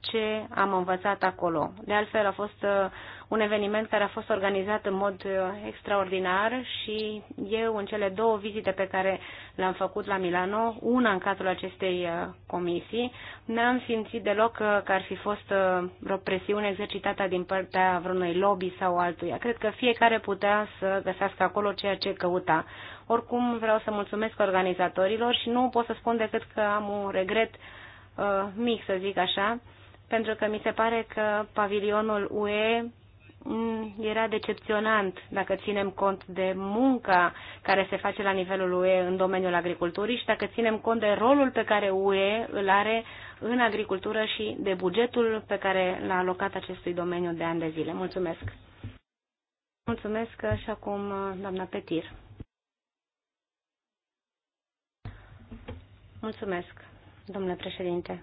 ce am învățat acolo. De altfel, a fost uh, un eveniment care a fost organizat în mod uh, extraordinar și eu, în cele două vizite pe care le-am făcut la Milano, una în cadrul acestei uh, comisii, n-am simțit deloc că ar fi fost vreo presiune exercitată din partea vreunui lobby sau altuia. Cred că fiecare putea să găsească acolo ceea ce căuta. Oricum vreau să mulțumesc organizatorilor și nu pot să spun decât că am un regret uh, mic, să zic așa, pentru că mi se pare că pavilionul UE mm, era decepționant dacă ținem cont de munca care se face la nivelul UE în domeniul agriculturii și dacă ținem cont de rolul pe care UE îl are în agricultură și de bugetul pe care l-a alocat acestui domeniu de ani de zile. Mulțumesc! Mulțumesc și acum uh, doamna Petir. Mulțumesc, domnule președinte.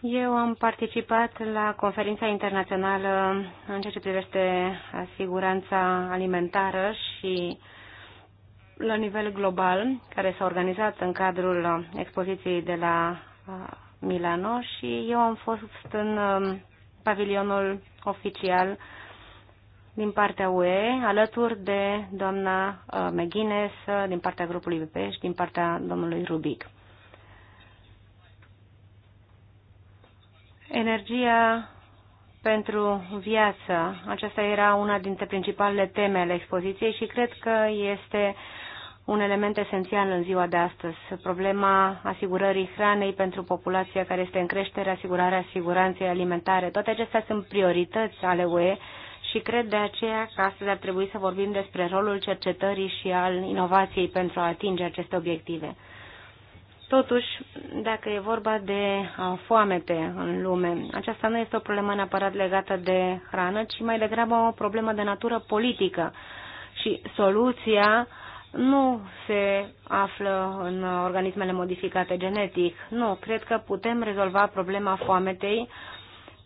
Eu am participat la conferința internațională în ceea ce privește siguranța alimentară și la nivel global, care s-a organizat în cadrul expoziției de la Milano și eu am fost în um, pavilionul oficial din partea UE, alături de doamna uh, McGuinness uh, din partea grupului BP și din partea domnului Rubic. Energia pentru viață. Aceasta era una dintre principalele teme ale expoziției și cred că este un element esențial în ziua de astăzi. Problema asigurării hranei pentru populația care este în creștere, asigurarea siguranței alimentare. Toate acestea sunt priorități ale UE și cred de aceea că astăzi ar trebui să vorbim despre rolul cercetării și al inovației pentru a atinge aceste obiective. Totuși, dacă e vorba de foamete în lume, aceasta nu este o problemă neapărat legată de hrană, ci mai degrabă o problemă de natură politică. Și soluția nu se află în organismele modificate genetic. Nu, cred că putem rezolva problema foametei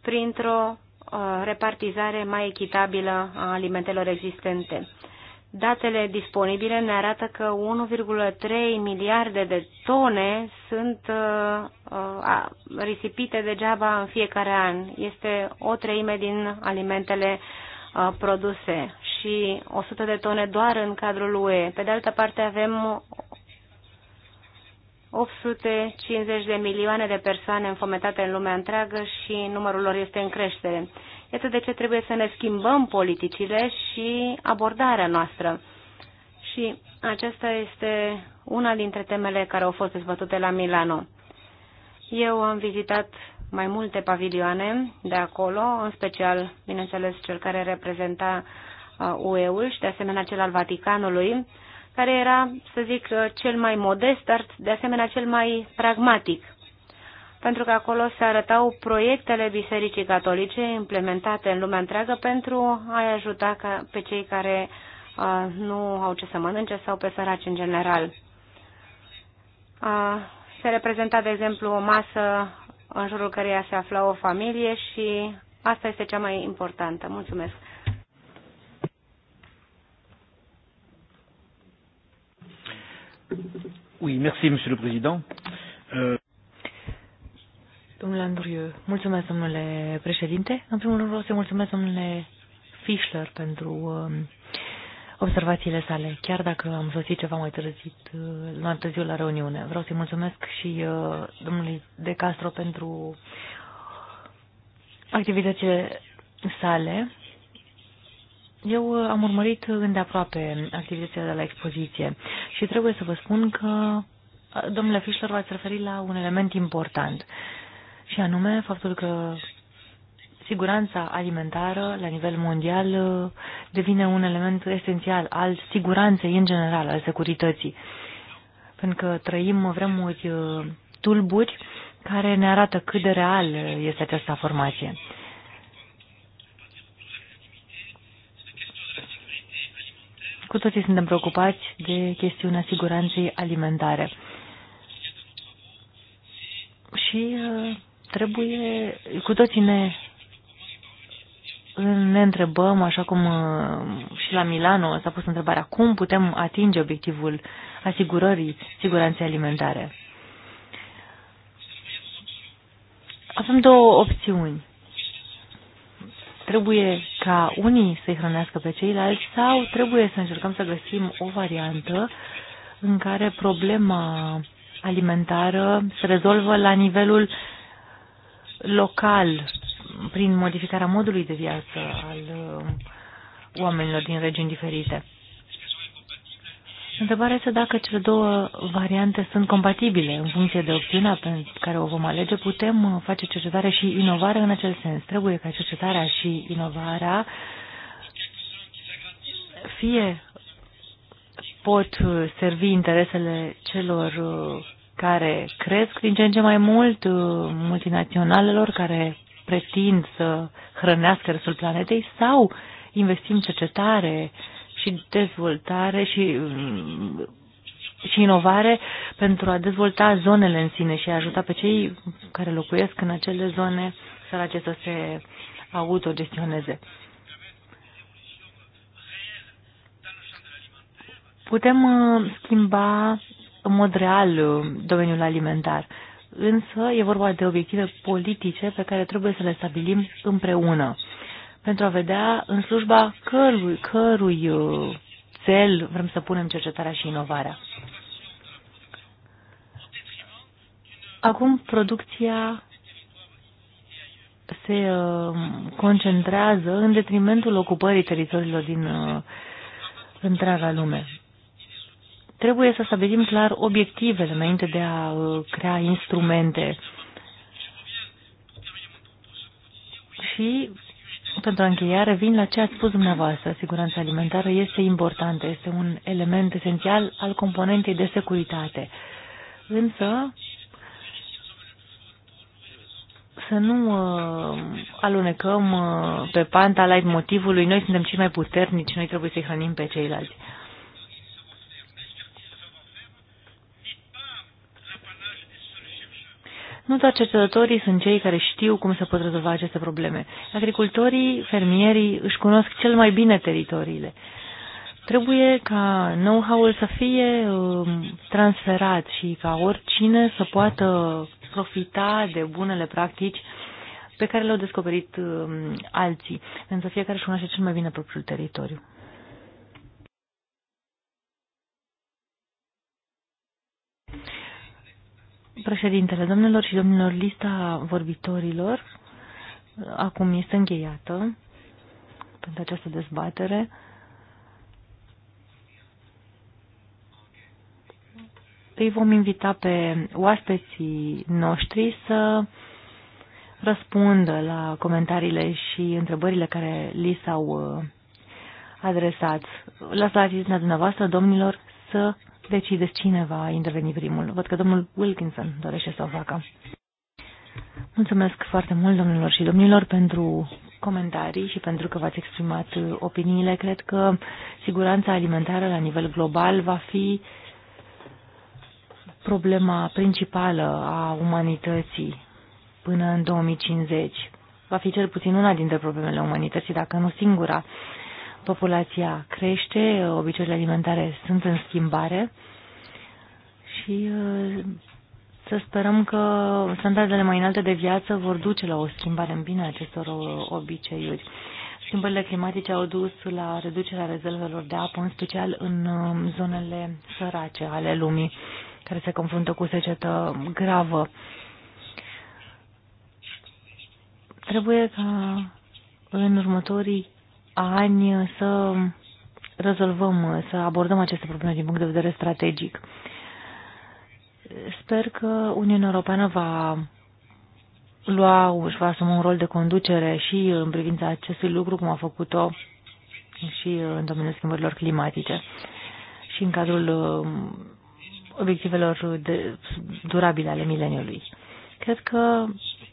printr-o Uh, repartizare mai echitabilă a alimentelor existente. Datele disponibile ne arată că 1,3 miliarde de tone sunt uh, uh risipite degeaba în fiecare an. Este o treime din alimentele uh, produse și 100 de tone doar în cadrul UE. Pe de altă parte avem 850 de milioane de persoane înfometate în lumea întreagă și numărul lor este în creștere. Iată de ce trebuie să ne schimbăm politicile și abordarea noastră. Și aceasta este una dintre temele care au fost dezbătute la Milano. Eu am vizitat mai multe pavilioane de acolo, în special, bineînțeles, cel care reprezenta UE-ul uh, și de asemenea cel al Vaticanului, care era, să zic, uh, cel mai modest, dar de asemenea cel mai pragmatic. Pentru că acolo se arătau proiectele Bisericii Catolice implementate în lumea întreagă pentru a-i ajuta ca pe cei care uh, nu au ce să mănânce sau pe săraci în general. Uh, se reprezenta, de exemplu, o masă în jurul căreia se afla o familie și asta este cea mai importantă. Mulțumesc! Oui, merci, Monsieur le Président. Euh, domnule Andriu, mulțumesc, domnule președinte. În primul rând vreau să mulțumesc, domnule Fischler, pentru um, observațiile sale, chiar dacă am sosit ceva mai târziu, uh, mai târziu la reuniune. Vreau să-i mulțumesc și uh, domnului De Castro pentru activitățile sale eu uh, am urmărit îndeaproape activitățile de la expoziție și trebuie să vă spun că, uh, domnule Fischler, v-ați referit la un element important și anume faptul că siguranța alimentară la nivel mondial uh, devine un element esențial al siguranței în general, al securității. Pentru că trăim vremuri tulburi care ne arată cât de real este această afirmație. Cu toții suntem preocupați de chestiunea siguranței alimentare. Și uh, trebuie, cu toții ne, ne întrebăm, așa cum uh, și la Milano s-a pus întrebarea, cum putem atinge obiectivul asigurării siguranței alimentare. Avem două opțiuni. Trebuie ca unii să-i hrănească pe ceilalți sau trebuie să încercăm să găsim o variantă în care problema alimentară se rezolvă la nivelul local, prin modificarea modului de viață al um, oamenilor din regiuni diferite. Și întrebarea este dacă cele două variante sunt compatibile. În funcție de opțiunea pe care o vom alege, putem uh, face cercetare și inovare în acel sens. Trebuie ca cercetarea și inovarea fie pot uh, servi interesele celor uh, care cresc din ce în ce mai mult, multinaționalelor care pretind să hrănească restul planetei, sau investim cercetare uh, și dezvoltare și, și inovare pentru a dezvolta zonele în sine și a ajuta pe cei care locuiesc în acele zone sărace să se autogestioneze. Putem uh, schimba în mod real uh, domeniul alimentar, însă e vorba de obiective politice pe care trebuie să le stabilim împreună pentru a vedea în slujba cărui, cărui uh, cel vrem să punem cercetarea și inovarea. Acum producția se uh, concentrează în detrimentul ocupării teritoriilor din uh, întreaga lume. Trebuie să stabilim clar obiectivele înainte de a crea instrumente și pentru a încheia, revin la ce ați spus dumneavoastră. Siguranța alimentară este importantă, este un element esențial al componentei de securitate. Însă, să nu uh, alunecăm uh, pe panta light motivului, noi suntem cei mai puternici, noi trebuie să-i hrănim pe ceilalți. Uh, Nu doar cercetătorii sunt cei care știu cum să pot rezolva aceste probleme. Agricultorii, fermierii își cunosc cel mai bine teritoriile. Trebuie ca know-how-ul să fie um, transferat și ca oricine să poată profita de bunele practici pe care le-au descoperit um, alții, pentru fiecare își cunoaște cel mai bine propriul teritoriu. Președintele, domnilor și domnilor, lista vorbitorilor acum este încheiată pentru această dezbatere. Îi vom invita pe oaspeții noștri să răspundă la comentariile și întrebările care li s-au uh, adresat. Lăsați-ne dumneavoastră, domnilor, să decideți cine va interveni primul. Văd că domnul Wilkinson dorește să o facă. Mulțumesc foarte mult, domnilor și domnilor, pentru comentarii și pentru că v-ați exprimat opiniile. Cred că siguranța alimentară la nivel global va fi problema principală a umanității până în 2050. Va fi cel puțin una dintre problemele umanității, dacă nu singura populația crește, obiceiurile alimentare sunt în schimbare și uh, să sperăm că standardele mai înalte de viață vor duce la o schimbare în bine acestor uh, obiceiuri. Schimbările climatice au dus la reducerea rezervelor de apă, în special în um, zonele sărace ale lumii, care se confruntă cu secetă gravă. Trebuie ca în următorii ani să rezolvăm, să abordăm aceste probleme din punct de vedere strategic. Sper că Uniunea Europeană va lua, își va asuma un rol de conducere și în privința acestui lucru, cum a făcut-o și în domeniul schimbărilor climatice și în cadrul um, obiectivelor de, durabile ale mileniului. Cred că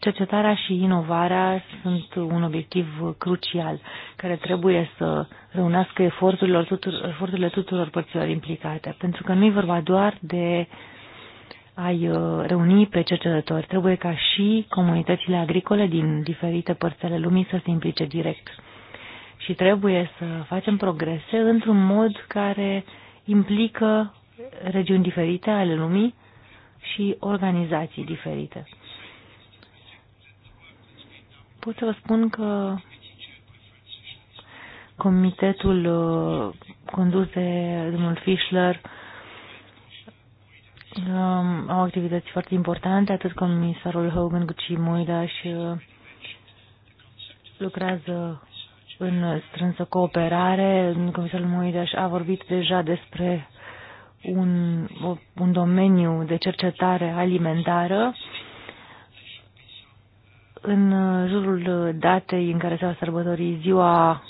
Cercetarea și inovarea sunt un obiectiv crucial care trebuie să reunească eforturile tuturor, eforturile tuturor părților implicate, pentru că nu e vorba doar de ai uh, reuni pe cercetători. Trebuie ca și comunitățile agricole din diferite părți ale lumii să se implice direct. Și trebuie să facem progrese într-un mod care implică regiuni diferite ale lumii și organizații diferite pot să vă spun că comitetul uh, condus de domnul Fischler um, au activități foarte importante, atât comisarul Hogan cât și Moida și uh, lucrează în strânsă cooperare. Comisarul Moida a vorbit deja despre un, un domeniu de cercetare alimentară în uh, jurul datei în care s-a sărbătorit ziua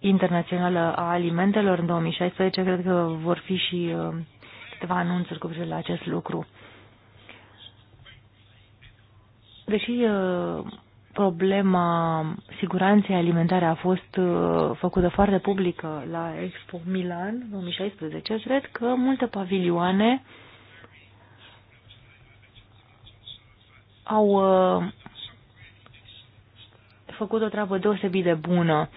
internațională a alimentelor în 2016, cred că vor fi și uh, câteva anunțuri cu privire la acest lucru. Deși uh, problema siguranței alimentare a fost făcută foarte publică la Expo Milan 2016, cred că multe pavilioane au făcut o treabă deosebit de bună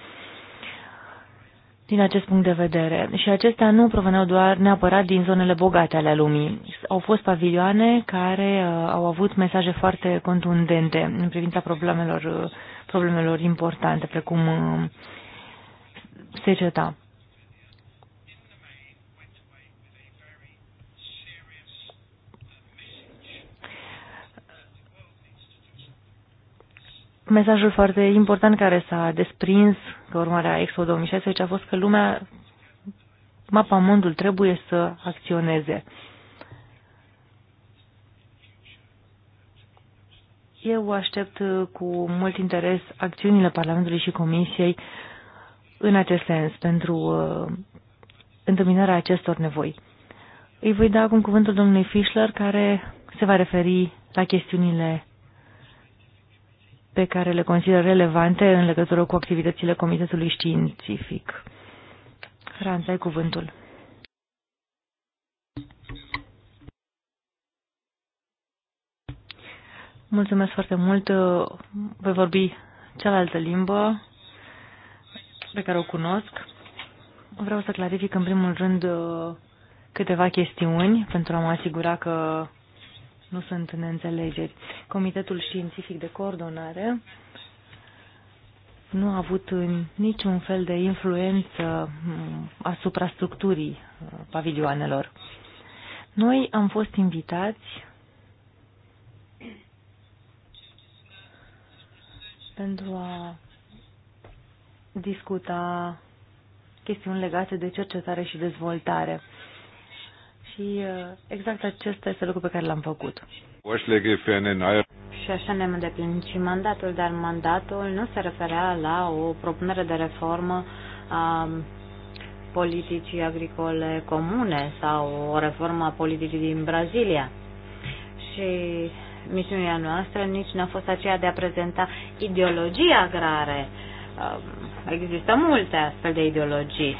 din acest punct de vedere. Și acestea nu proveneau doar neapărat din zonele bogate ale lumii. Au fost pavilioane care uh, au avut mesaje foarte contundente în privința problemelor, uh, problemelor importante, precum uh, seceta. Mesajul foarte important care s-a desprins ca urmarea Expo 2016 a fost că lumea, mapa mondul trebuie să acționeze. Eu aștept cu mult interes acțiunile Parlamentului și Comisiei în acest sens pentru uh, întâmpinarea acestor nevoi. Îi voi da acum cuvântul domnului Fischler, care se va referi la chestiunile pe care le consider relevante în legătură cu activitățile Comitetului Științific. Franța, ai cuvântul. Mulțumesc foarte mult. Voi vorbi cealaltă limbă pe care o cunosc. Vreau să clarific în primul rând câteva chestiuni pentru a mă asigura că nu sunt neînțelegeri. Comitetul Științific de Coordonare nu a avut niciun fel de influență mm, asupra structurii mm, pavilioanelor. Noi am fost invitați pentru a discuta chestiuni legate de cercetare și dezvoltare. Și uh, exact acesta este lucru pe care l-am făcut. Și așa ne-am îndeplinit și mandatul, dar mandatul nu se referea la o propunere de reformă a politicii agricole comune sau o reformă a politicii din Brazilia. Și misiunea noastră nici nu a fost aceea de a prezenta ideologia agrare. Um, există multe astfel de ideologii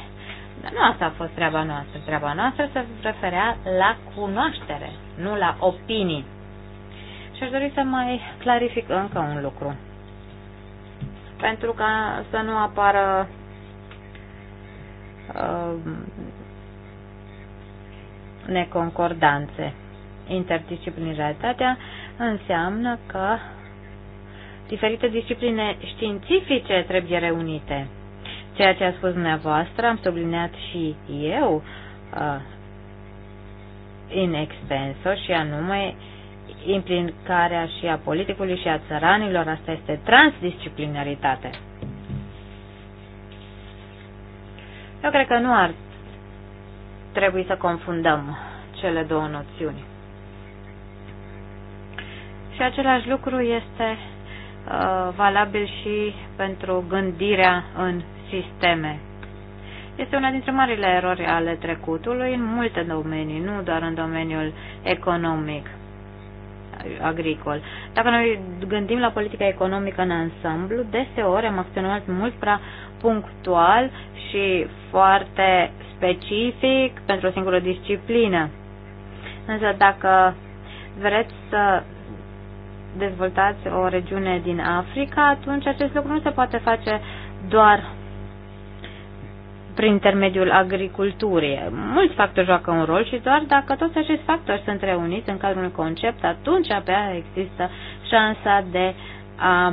dar nu asta a fost treaba noastră. Treaba noastră se referea la cunoaștere, nu la opinii. Și aș dori să mai clarific încă un lucru. Pentru ca să nu apară uh, neconcordanțe. Interdisciplinaritatea înseamnă că diferite discipline științifice trebuie reunite ceea ce a spus dumneavoastră, am subliniat și eu uh, in extenso și anume implicarea și a politicului și a țăranilor, asta este transdisciplinaritate. Eu cred că nu ar trebui să confundăm cele două noțiuni. Și același lucru este uh, valabil și pentru gândirea în sisteme. Este una dintre marile erori ale trecutului în multe domenii, nu doar în domeniul economic agricol. Dacă noi gândim la politica economică în ansamblu, deseori am acționat mult prea punctual și foarte specific pentru o singură disciplină. Însă dacă vreți să dezvoltați o regiune din Africa, atunci acest lucru nu se poate face doar prin intermediul agriculturii. Mulți factori joacă un rol și doar dacă toți acești factori sunt reuniți în cadrul unui concept, atunci abia există șansa de a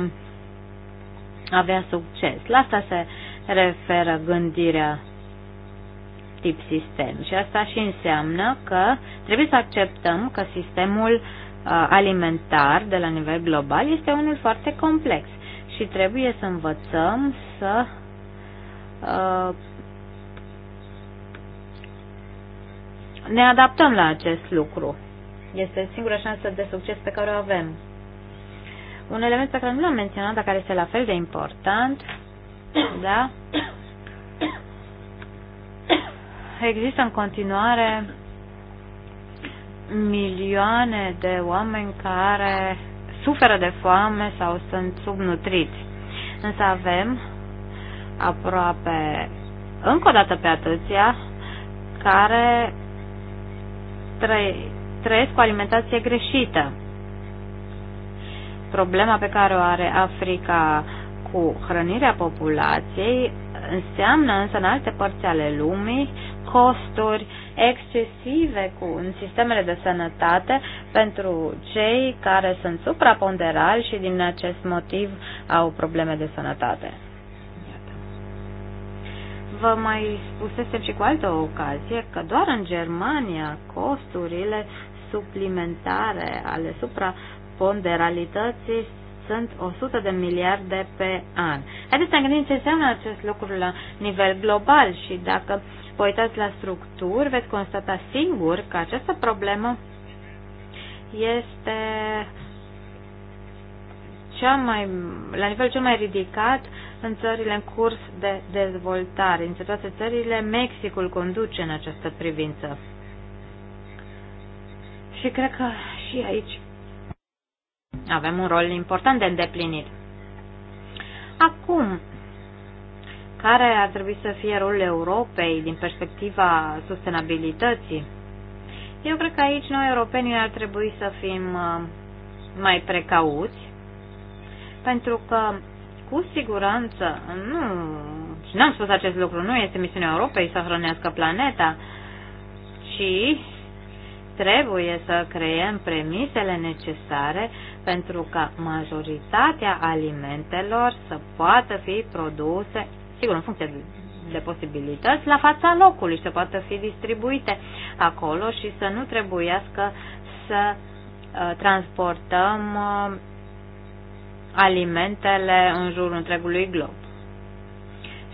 avea succes. La asta se referă gândirea tip sistem și asta și înseamnă că trebuie să acceptăm că sistemul uh, alimentar de la nivel global este unul foarte complex și trebuie să învățăm să uh, ne adaptăm la acest lucru. Este singura șansă de succes pe care o avem. Un element pe care nu l-am menționat, dar care este la fel de important, da? Există în continuare milioane de oameni care suferă de foame sau sunt subnutriți. Însă avem aproape încă o dată pe atâția care trăiesc o alimentație greșită. Problema pe care o are Africa cu hrănirea populației înseamnă însă în alte părți ale lumii costuri excesive cu, în sistemele de sănătate pentru cei care sunt supraponderali și din acest motiv au probleme de sănătate vă mai spusesem și cu altă ocazie că doar în Germania costurile suplimentare ale supraponderalității sunt 100 de miliarde pe an. Haideți să ne gândim ce înseamnă acest lucru la nivel global și dacă vă uitați la structuri, veți constata singur că această problemă este cea mai, la nivel cel mai ridicat în țările în curs de dezvoltare. Dintre toate țările, Mexicul conduce în această privință. Și cred că și aici avem un rol important de îndeplinit. Acum, care ar trebui să fie rolul Europei din perspectiva sustenabilității? Eu cred că aici noi, europenii, ar trebui să fim uh, mai precauți, pentru că cu siguranță, nu, și n-am spus acest lucru, nu este misiunea Europei să hrănească planeta, ci trebuie să creăm premisele necesare pentru ca majoritatea alimentelor să poată fi produse, sigur, în funcție de posibilități, la fața locului, să poată fi distribuite acolo și să nu trebuiască să uh, transportăm uh, alimentele în jurul întregului glob.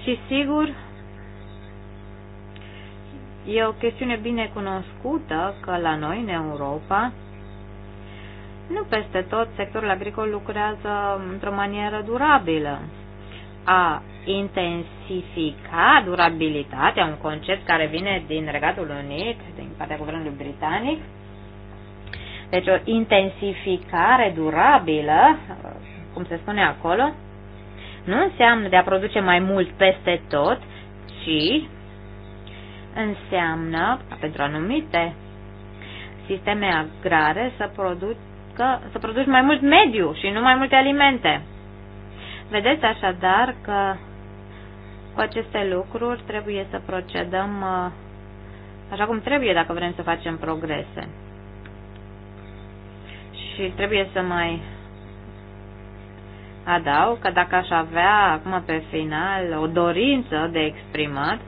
Și sigur, e o chestiune bine cunoscută că la noi, în Europa, nu peste tot sectorul agricol lucrează într-o manieră durabilă. A intensifica durabilitatea, un concept care vine din Regatul Unit, din partea guvernului britanic, deci o intensificare durabilă cum se spune acolo, nu înseamnă de a produce mai mult peste tot, ci înseamnă, pentru anumite sisteme agrare, să, produc, că, să produci mai mult mediu și nu mai multe alimente. Vedeți așadar că cu aceste lucruri trebuie să procedăm uh, așa cum trebuie dacă vrem să facem progrese. Și trebuie să mai adaug că dacă aș avea acum pe final o dorință de exprimat,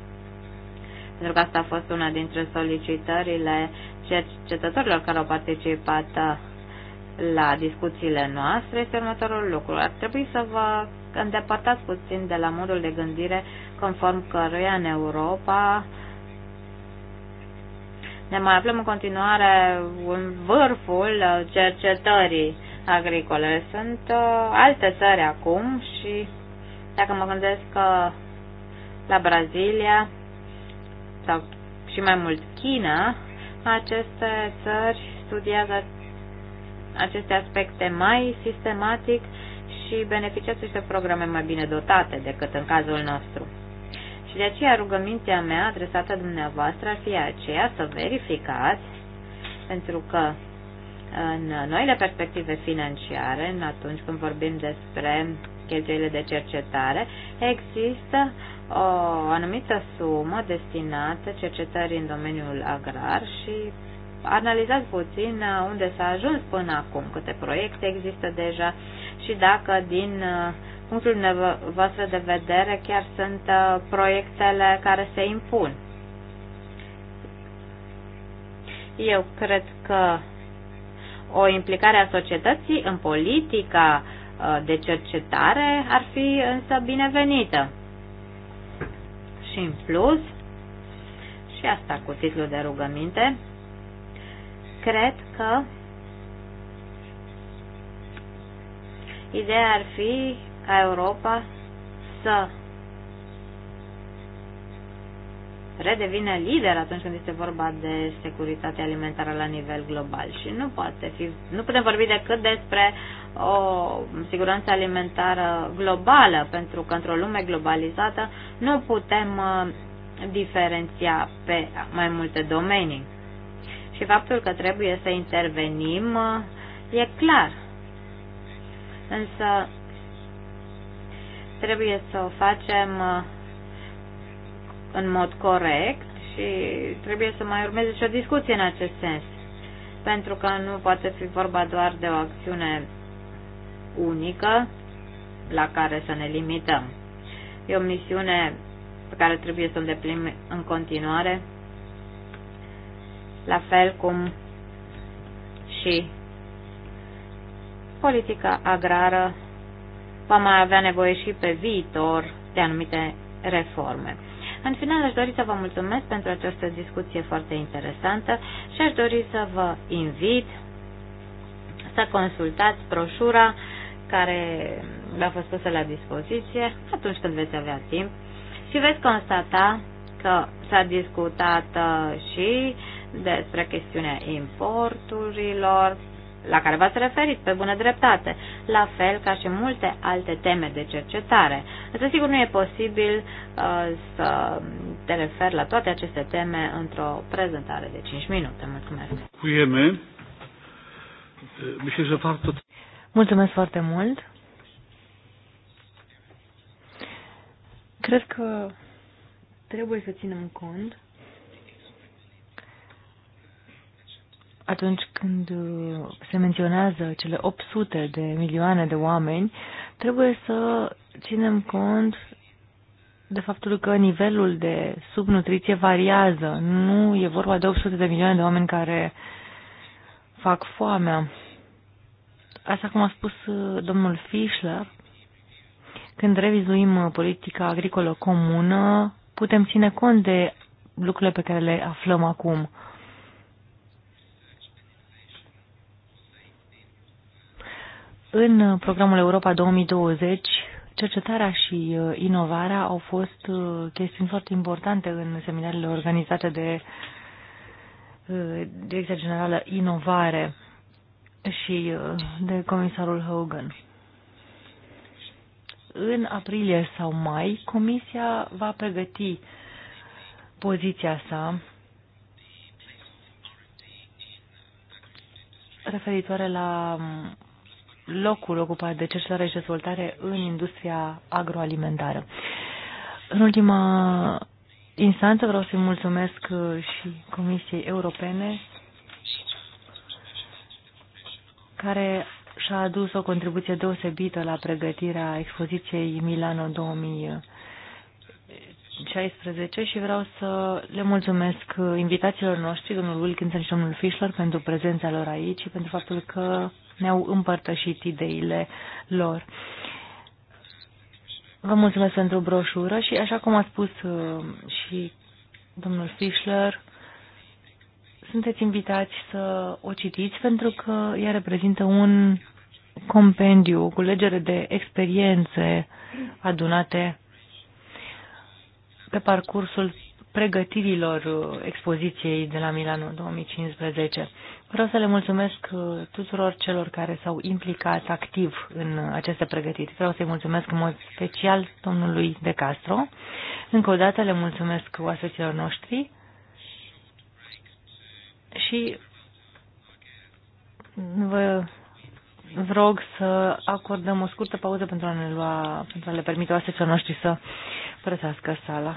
pentru că asta a fost una dintre solicitările cercetătorilor care au participat la discuțiile noastre, este următorul lucru. Ar trebui să vă îndepărtați puțin de la modul de gândire conform căruia în Europa ne mai aflăm în continuare în vârful cercetării agricole. Sunt uh, alte țări acum și dacă mă gândesc că la Brazilia sau și mai mult China, aceste țări studiază aceste aspecte mai sistematic și beneficiază și de programe mai bine dotate decât în cazul nostru. Și de aceea rugămintea mea adresată dumneavoastră ar fi aceea să verificați, pentru că în noile perspective financiare, atunci când vorbim despre cheltuielile de cercetare, există o anumită sumă destinată cercetării în domeniul agrar și analizați puțin uh, unde s-a ajuns până acum, câte proiecte există deja și dacă din uh, punctul vostru de vedere chiar sunt uh, proiectele care se impun. Eu cred că o implicare a societății în politica uh, de cercetare ar fi însă binevenită. Și în plus, și asta cu titlul de rugăminte, cred că ideea ar fi ca Europa să redevine lider atunci când este vorba de securitatea alimentară la nivel global și nu poate fi, nu putem vorbi decât despre o siguranță alimentară globală, pentru că într-o lume globalizată nu putem uh, diferenția pe mai multe domenii. Și faptul că trebuie să intervenim uh, e clar. Însă trebuie să o facem uh, în mod corect și trebuie să mai urmeze și o discuție în acest sens. Pentru că nu poate fi vorba doar de o acțiune unică la care să ne limităm. E o misiune pe care trebuie să o îndeplinim în continuare, la fel cum și politica agrară va mai avea nevoie și pe viitor de anumite reforme. În final, aș dori să vă mulțumesc pentru această discuție foarte interesantă și aș dori să vă invit să consultați proșura care v-a fost pusă la dispoziție atunci când veți avea timp și veți constata că s-a discutat uh, și despre chestiunea importurilor, la care v-ați referit pe bună dreptate, la fel ca și multe alte teme de cercetare. Însă sigur nu e posibil uh, să te refer la toate aceste teme într-o prezentare de 5 minute. Mulțumesc! Mulțumesc foarte mult! Cred că trebuie să ținem cont atunci când uh, se menționează cele 800 de milioane de oameni, trebuie să ținem cont de faptul că nivelul de subnutriție variază. Nu e vorba de 800 de milioane de oameni care fac foamea. Asta cum a spus uh, domnul Fischler, când revizuim uh, politica agricolă comună, putem ține cont de lucrurile pe care le aflăm acum. În programul Europa 2020, cercetarea și uh, inovarea au fost uh, chestiuni foarte importante în seminarele organizate de uh, Direcția Generală Inovare și de comisarul Hogan. În aprilie sau mai, Comisia va pregăti poziția sa referitoare la um, locul ocupat de cercetare și dezvoltare în industria agroalimentară. În ultima instanță vreau să-i mulțumesc uh, și Comisiei Europene care și-a adus o contribuție deosebită la pregătirea expoziției Milano 2016 și vreau să le mulțumesc uh, invitațiilor noștri, domnul Wilkinson și domnul Fischler, pentru prezența lor aici și pentru faptul că ne-au împărtășit ideile lor. Vă mulțumesc pentru broșură și, așa cum a spus uh, și domnul Fischler, sunteți invitați să o citiți pentru că ea reprezintă un compendiu, o culegere de experiențe adunate pe parcursul pregătirilor uh, expoziției de la Milano 2015. Vreau să le mulțumesc uh, tuturor celor care s-au implicat activ în aceste pregătiri. Vreau să-i mulțumesc în mod special domnului De Castro. Încă o dată le mulțumesc oaspeților noștri și vă rog să acordăm o scurtă pauză pentru a ne lua, pentru a le permite oaspeților noștri să părăsească sala.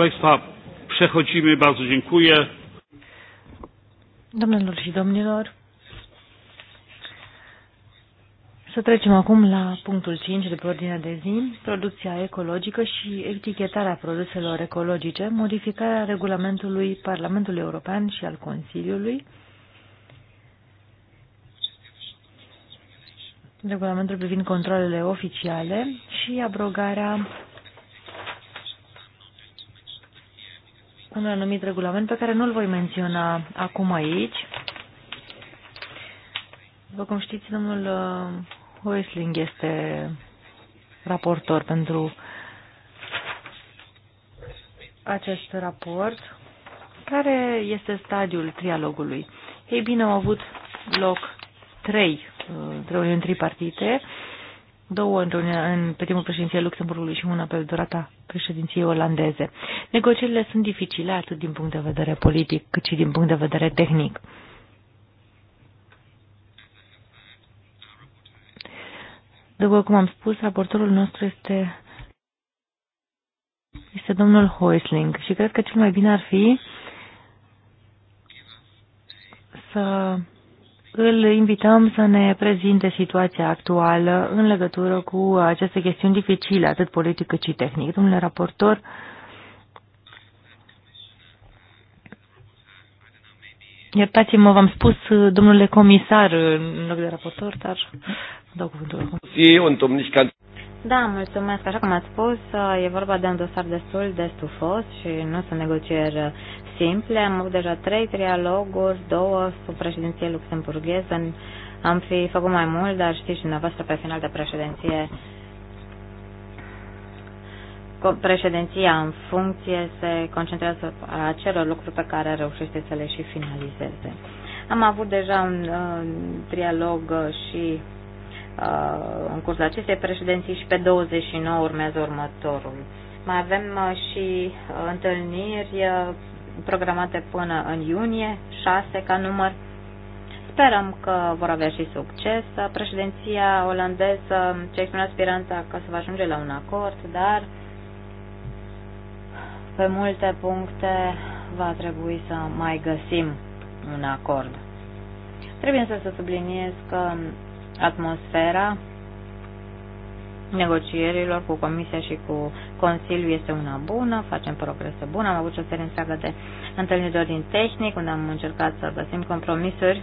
Państwa, przechodzimy. Bardzo dziękuję. Domnilor și domnilor, să trecem acum la punctul 5 de pe ordinea de zi, producția ecologică și etichetarea produselor ecologice, modificarea regulamentului Parlamentului European și al Consiliului, regulamentul privind controlele oficiale și abrogarea un anumit regulament pe care nu-l voi menționa acum aici. După cum știți, domnul uh, Hoisling este raportor pentru acest raport. Care este stadiul trialogului? Ei bine, au avut loc trei uh, reuniuni tripartite două întâlniri în, pe timpul președinției Luxemburgului și una pe durata președinției olandeze. Negocierile sunt dificile atât din punct de vedere politic cât și din punct de vedere tehnic. După cum am spus, raportorul nostru este, este domnul Hoisling și cred că cel mai bine ar fi să îl invităm să ne prezinte situația actuală în legătură cu aceste chestiuni dificile, atât politic cât și tehnic. Domnule raportor, Iertați-mă, v-am spus, domnule comisar, în loc de raportor, dar dau cuvântul Da, mulțumesc. Așa cum ați spus, e vorba de un dosar destul de stufos și nu sunt negocieri simple. Am avut deja trei trialoguri, două sub președinție luxemburgheză. Am fi făcut mai mult, dar știți și dumneavoastră pe final de președinție președinția în funcție se concentrează la acelor lucruri pe care reușește să le și finalizeze. Am avut deja un uh, trialog și uh, în cursul acestei președinții și pe 29 urmează următorul. Mai avem uh, și uh, întâlniri uh, programate până în iunie, 6 ca număr. Sperăm că vor avea și succes. Președinția olandeză ce exprimă speranța că se va ajunge la un acord, dar pe multe puncte va trebui să mai găsim un acord. Trebuie să subliniez că atmosfera negocierilor cu Comisia și cu Consiliul este una bună, facem progrese bune. Am avut o serie întreagă de întâlniri de ordin tehnic, unde am încercat să găsim compromisuri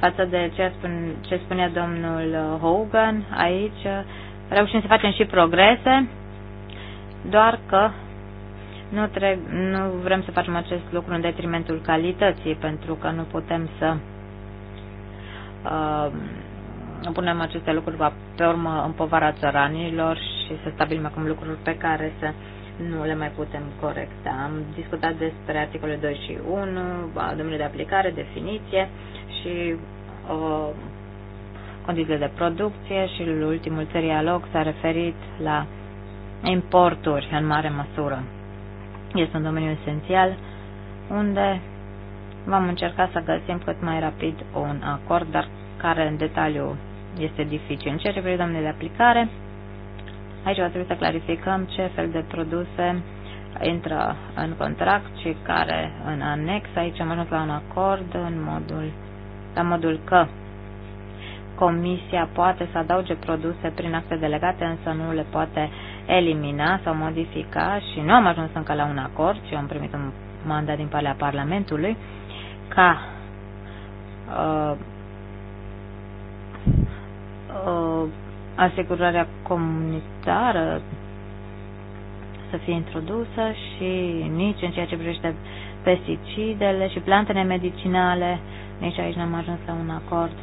față de ce, spune, ce spunea domnul Hogan aici. Reușim să facem și progrese, doar că nu, treb- nu vrem să facem acest lucru în detrimentul calității, pentru că nu putem să uh, punem aceste lucruri pe urmă în povara țăranilor și să stabilim acum lucruri pe care să nu le mai putem corecta. Am discutat despre articolul 2 și 1, domeniul de aplicare, definiție și uh, condițiile de producție și ultimul serialog s-a referit la importuri în mare măsură. Este un domeniu esențial unde vom încerca să găsim cât mai rapid un acord, dar care în detaliu este dificil. În ceea ce privește domnule de aplicare, aici va trebui să clarificăm ce fel de produse intră în contract și care în anex. Aici am ajuns la un acord în modul, la modul că Comisia poate să adauge produse prin acte delegate, însă nu le poate elimina sau modifica și nu am ajuns încă la un acord, ci am primit un mandat din partea Parlamentului ca uh, uh, asigurarea comunitară să fie introdusă și nici în ceea ce privește pesticidele și plantele medicinale, nici aici n-am ajuns la un acord.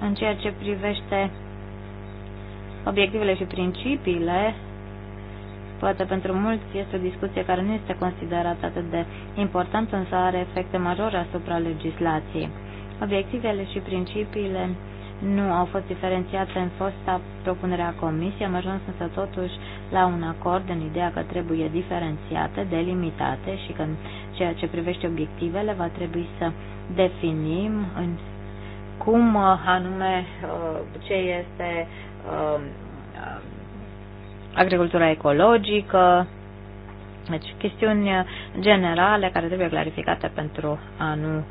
În ceea ce privește obiectivele și principiile, poate pentru mulți este o discuție care nu este considerată atât de importantă, însă are efecte majore asupra legislației. Obiectivele și principiile nu au fost diferențiate în fosta propunerea comisiei, am ajuns însă totuși la un acord în ideea că trebuie diferențiate, delimitate și că în ceea ce privește obiectivele va trebui să definim în cum uh, anume uh, ce este uh, agricultura ecologică, deci chestiuni generale care trebuie clarificate pentru a nu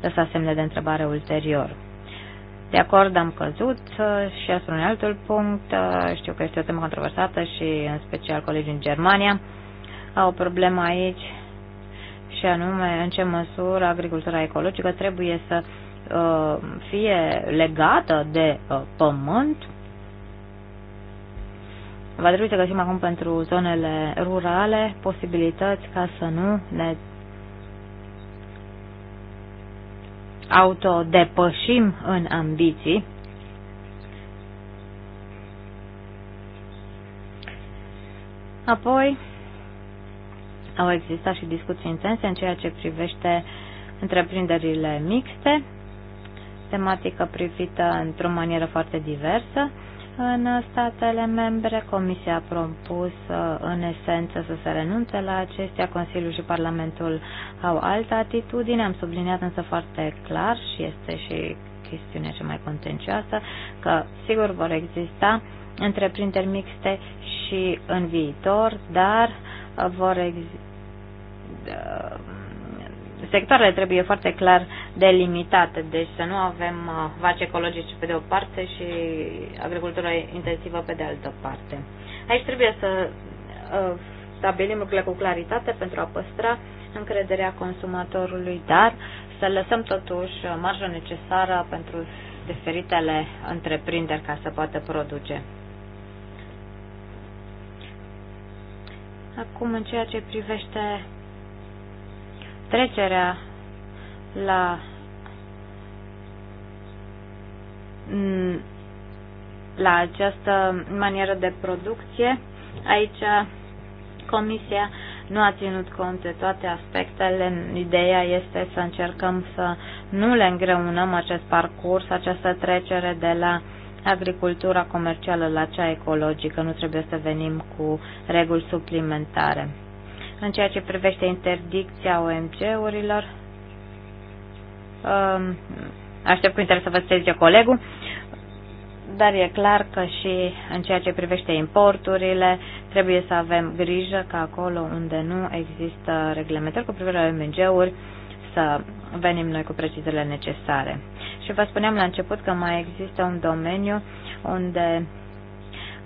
lăsa semne de întrebare ulterior. De acord am căzut uh, și asupra un altul punct, uh, știu că este o temă controversată și în special colegii în Germania au o problemă aici și anume în ce măsură agricultura ecologică trebuie să uh, fie legată de pământ. Va trebui să găsim acum pentru zonele rurale posibilități ca să nu ne autodepășim în ambiții. Apoi au existat și discuții intense în ceea ce privește întreprinderile mixte, tematică privită într-o manieră foarte diversă. În statele membre, Comisia a propus uh, în esență să se renunțe la acestea. Consiliul și Parlamentul au altă atitudine. Am subliniat însă foarte clar și este și chestiunea cea mai contencioasă că sigur vor exista întreprinderi mixte și în viitor, dar uh, vor exista uh, sectoarele trebuie foarte clar delimitate, deci să nu avem uh, vaci ecologice pe de o parte și agricultură intensivă pe de altă parte. Aici trebuie să uh, stabilim lucrurile cu claritate pentru a păstra încrederea consumatorului, dar să lăsăm totuși marja necesară pentru diferitele întreprinderi ca să poată produce. Acum, în ceea ce privește trecerea la mm, la această manieră de producție. Aici comisia nu a ținut cont de toate aspectele. Ideea este să încercăm să nu le îngreunăm acest parcurs, această trecere de la agricultura comercială la cea ecologică. Nu trebuie să venim cu reguli suplimentare. În ceea ce privește interdicția OMG-urilor, Um, aștept cu interes să vă strige colegul. Dar e clar că și în ceea ce privește importurile, trebuie să avem grijă că acolo unde nu există reglementări cu privire la mng uri să venim noi cu precizările necesare. Și vă spuneam la început că mai există un domeniu unde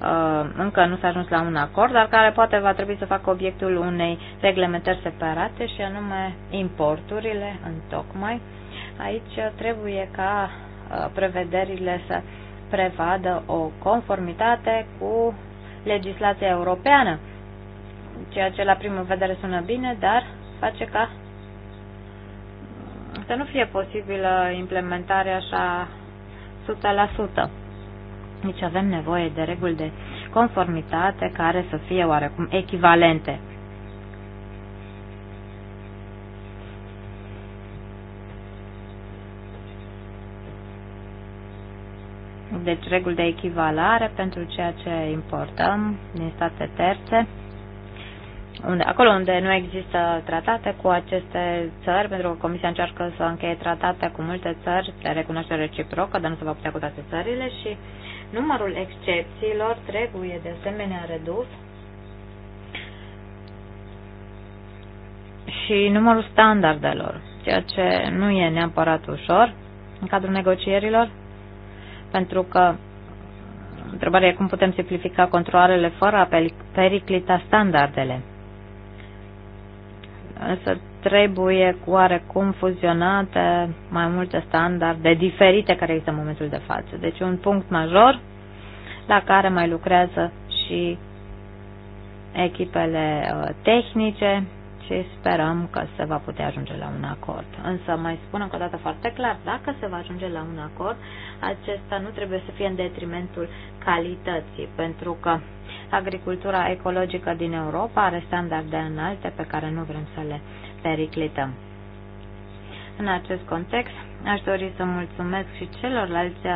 uh, încă nu s-a ajuns la un acord, dar care poate va trebui să facă obiectul unei reglementări separate și anume importurile în tocmai. Uh, Aici trebuie ca uh, prevederile să prevadă o conformitate cu legislația europeană, ceea ce la primă vedere sună bine, dar face ca mm, să nu fie posibilă implementarea așa 100%. Deci avem nevoie de reguli de conformitate care să fie oarecum echivalente. deci reguli de echivalare pentru ceea ce importăm din state terțe, unde, acolo unde nu există tratate cu aceste țări, pentru că Comisia încearcă să încheie tratate cu multe țări de recunoaștere reciprocă, dar nu se va putea cu toate țările și numărul excepțiilor trebuie de asemenea redus și numărul standardelor, ceea ce nu e neapărat ușor în cadrul negocierilor pentru că întrebarea e cum putem simplifica controlele fără a periclita standardele. Însă trebuie oarecum fuzionate mai multe standarde diferite care există în momentul de față. Deci un punct major la care mai lucrează și echipele uh, tehnice și sperăm că se va putea ajunge la un acord. Însă mai spun încă o dată foarte clar, dacă se va ajunge la un acord, acesta nu trebuie să fie în detrimentul calității, pentru că agricultura ecologică din Europa are standarde înalte pe care nu vrem să le periclităm. În acest context, aș dori să mulțumesc și celorlalți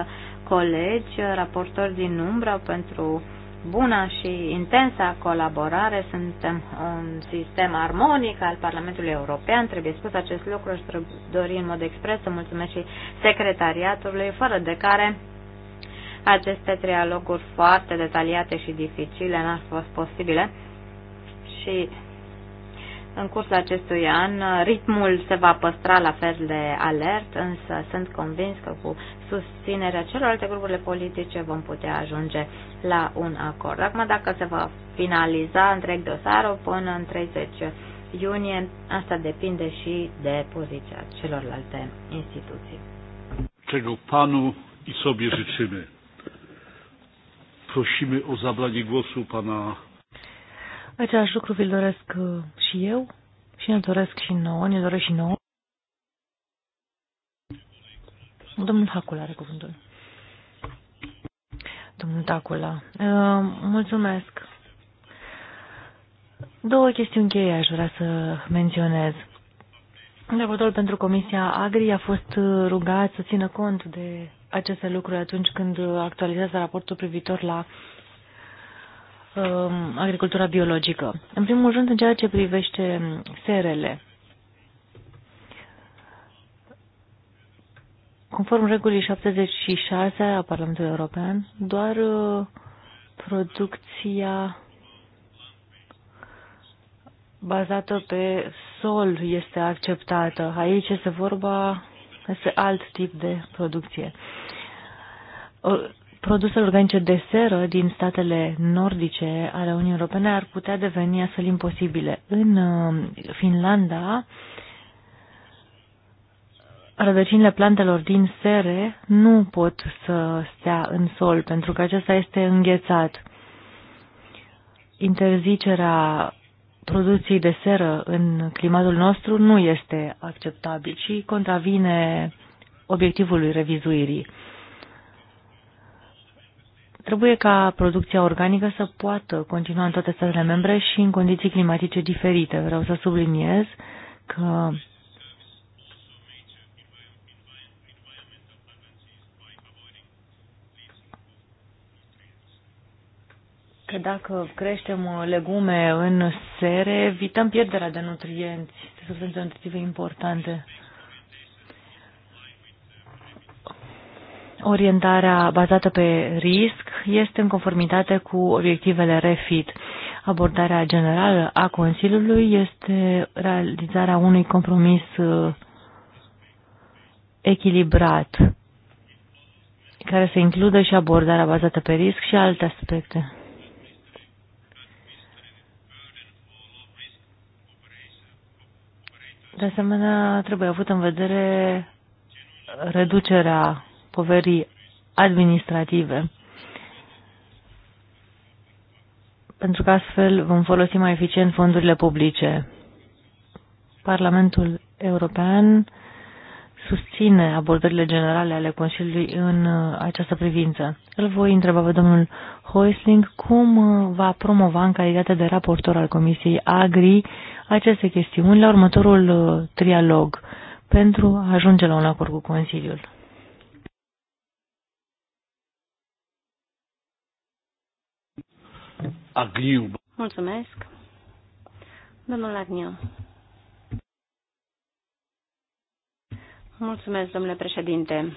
colegi, raportori din umbră pentru buna și intensă colaborare, suntem un sistem armonic al Parlamentului European, trebuie spus acest lucru și trebuie dori în mod expres să mulțumesc și secretariatului, fără de care aceste trialoguri foarte detaliate și dificile n-ar fi fost posibile și în cursul acestui an. Uh, ritmul se va păstra la fel de alert, însă sunt convins că cu susținerea celorlalte grupurile politice vom putea ajunge la un acord. Acum, dacă se va finaliza întreg dosarul până în 30 iunie, asta depinde și de poziția celorlalte instituții. Czego panu i sobie życzymy. Prosimy o zabranie głosu pana Același lucru vi-l doresc uh, și eu și ne doresc și nouă, ne doresc și nouă. Domnul Hacula are cuvântul. Domnul Tacula, uh, mulțumesc. Două chestiuni cheie aș vrea să menționez. Raportorul pentru Comisia Agri a fost uh, rugat să țină cont de aceste lucruri atunci când actualizează raportul privitor la Um, agricultura biologică. În primul rând, în ceea ce privește serele, conform regulii 76 a Parlamentului European, doar uh, producția bazată pe sol este acceptată. Aici este vorba este alt tip de producție. Uh, produsele organice de seră din statele nordice ale Uniunii Europene ar putea deveni astfel imposibile. În uh, Finlanda, rădăcinile plantelor din sere nu pot să stea în sol pentru că acesta este înghețat. Interzicerea producției de seră în climatul nostru nu este acceptabil și contravine obiectivului revizuirii. Trebuie ca producția organică să poată continua în toate statele membre și în condiții climatice diferite. Vreau să subliniez că că dacă creștem legume în sere, evităm pierderea de nutrienți, de substanțe nutritive importante. orientarea bazată pe risc este în conformitate cu obiectivele REFIT. Abordarea generală a Consiliului este realizarea unui compromis uh, echilibrat, care să includă și abordarea bazată pe risc și alte aspecte. De asemenea, trebuie avut în vedere reducerea poverii administrative. Pentru că astfel vom folosi mai eficient fondurile publice. Parlamentul European susține abordările generale ale Consiliului în uh, această privință. Îl voi întreba pe domnul Hoisling cum uh, va promova în calitate de raportor al Comisiei Agri aceste chestiuni la următorul uh, trialog pentru a ajunge la un acord cu Consiliul. Agliub. Mulțumesc. Domnul Agniu. Mulțumesc, domnule președinte.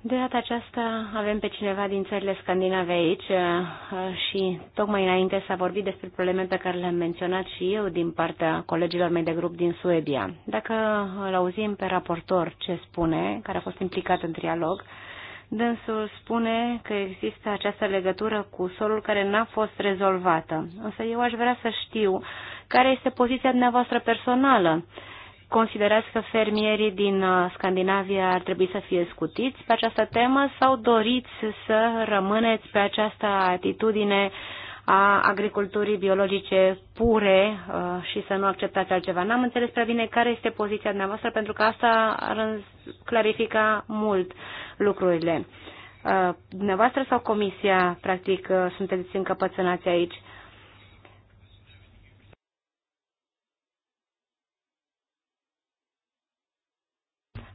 De data aceasta avem pe cineva din țările scandinave aici uh, și tocmai înainte s-a vorbit despre probleme pe care le-am menționat și eu din partea colegilor mei de grup din Suedia. Dacă îl auzim pe raportor ce spune, care a fost implicat în trialog, Dânsul spune că există această legătură cu solul care n-a fost rezolvată. Însă eu aș vrea să știu care este poziția dumneavoastră personală. Considerați că fermierii din uh, Scandinavia ar trebui să fie scutiți pe această temă sau doriți să rămâneți pe această atitudine uh, a agriculturii biologice pure uh, și să nu acceptați altceva. N-am înțeles prea bine care este poziția dumneavoastră, pentru că asta ar clarifica mult lucrurile. Uh, dumneavoastră sau comisia, practic, uh, sunteți încăpățânați aici?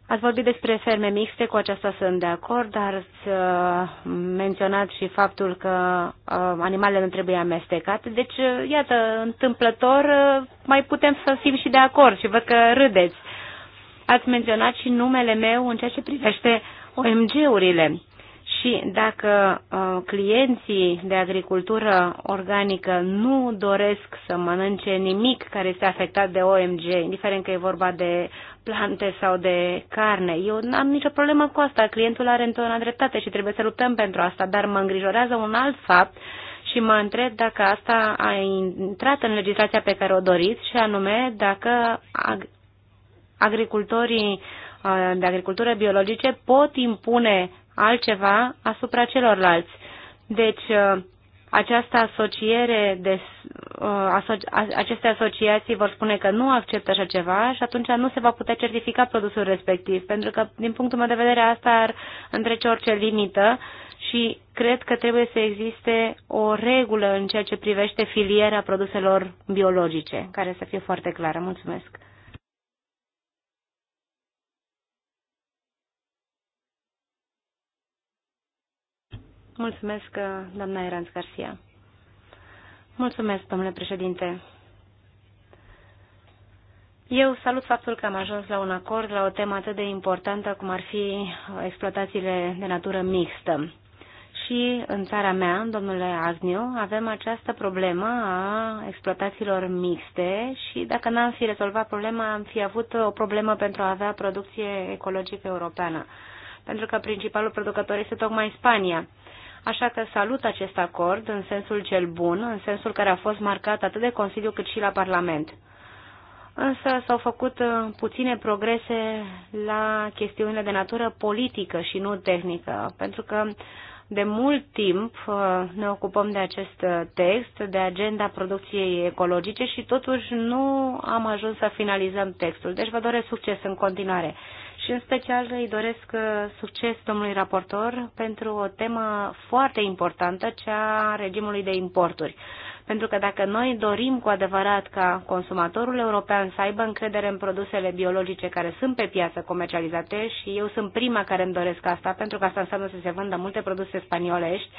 Ați vorbit despre ferme mixte, cu aceasta sunt de acord, dar ați uh, menționat și faptul că uh, animalele nu trebuie amestecate. Deci, uh, iată, întâmplător mai putem să fim și de acord și văd că râdeți. Ați menționat și numele meu în ceea ce privește OMG-urile. Și dacă clienții de agricultură organică nu doresc să mănânce nimic care este afectat de OMG, indiferent că e vorba de plante sau de carne. Eu n-am nicio problemă cu asta. Clientul are întotdeauna dreptate și trebuie să luptăm pentru asta, dar mă îngrijorează un alt fapt și mă întreb dacă asta a intrat în legislația pe care o doriți și anume dacă ag- agricultorii uh, de agricultură biologice pot impune altceva asupra celorlalți. Deci, uh, această asociere de, uh, asoci, aceste asociații vor spune că nu acceptă așa ceva și atunci nu se va putea certifica produsul respectiv, pentru că, din punctul meu de vedere, asta ar întrece orice limită și cred că trebuie să existe o regulă în ceea ce privește filiera produselor biologice, care să fie foarte clară. Mulțumesc! Mulțumesc, uh, doamna Eranz Garcia. Mulțumesc, domnule președinte. Eu salut faptul că am ajuns la un acord la o temă atât de importantă cum ar fi exploatațiile de natură mixtă. Și în țara mea, domnule Agniu, avem această problemă a exploatațiilor mixte și dacă n-am fi rezolvat problema, am fi avut o problemă pentru a avea producție ecologică europeană. Pentru că principalul producător este tocmai Spania. Așa că salut acest acord în sensul cel bun, în sensul care a fost marcat atât de Consiliu cât și la Parlament. Însă s-au făcut uh, puține progrese la chestiunile de natură politică și nu tehnică, pentru că de mult timp uh, ne ocupăm de acest uh, text, de agenda producției ecologice și totuși nu am ajuns să finalizăm textul. Deci vă doresc succes în continuare și în special îi doresc uh, succes domnului raportor pentru o temă foarte importantă, cea a regimului de importuri. Pentru că dacă noi dorim cu adevărat ca consumatorul european să aibă încredere în produsele biologice care sunt pe piață comercializate și eu sunt prima care îmi doresc asta, pentru că asta înseamnă să se vândă multe produse spaniolești,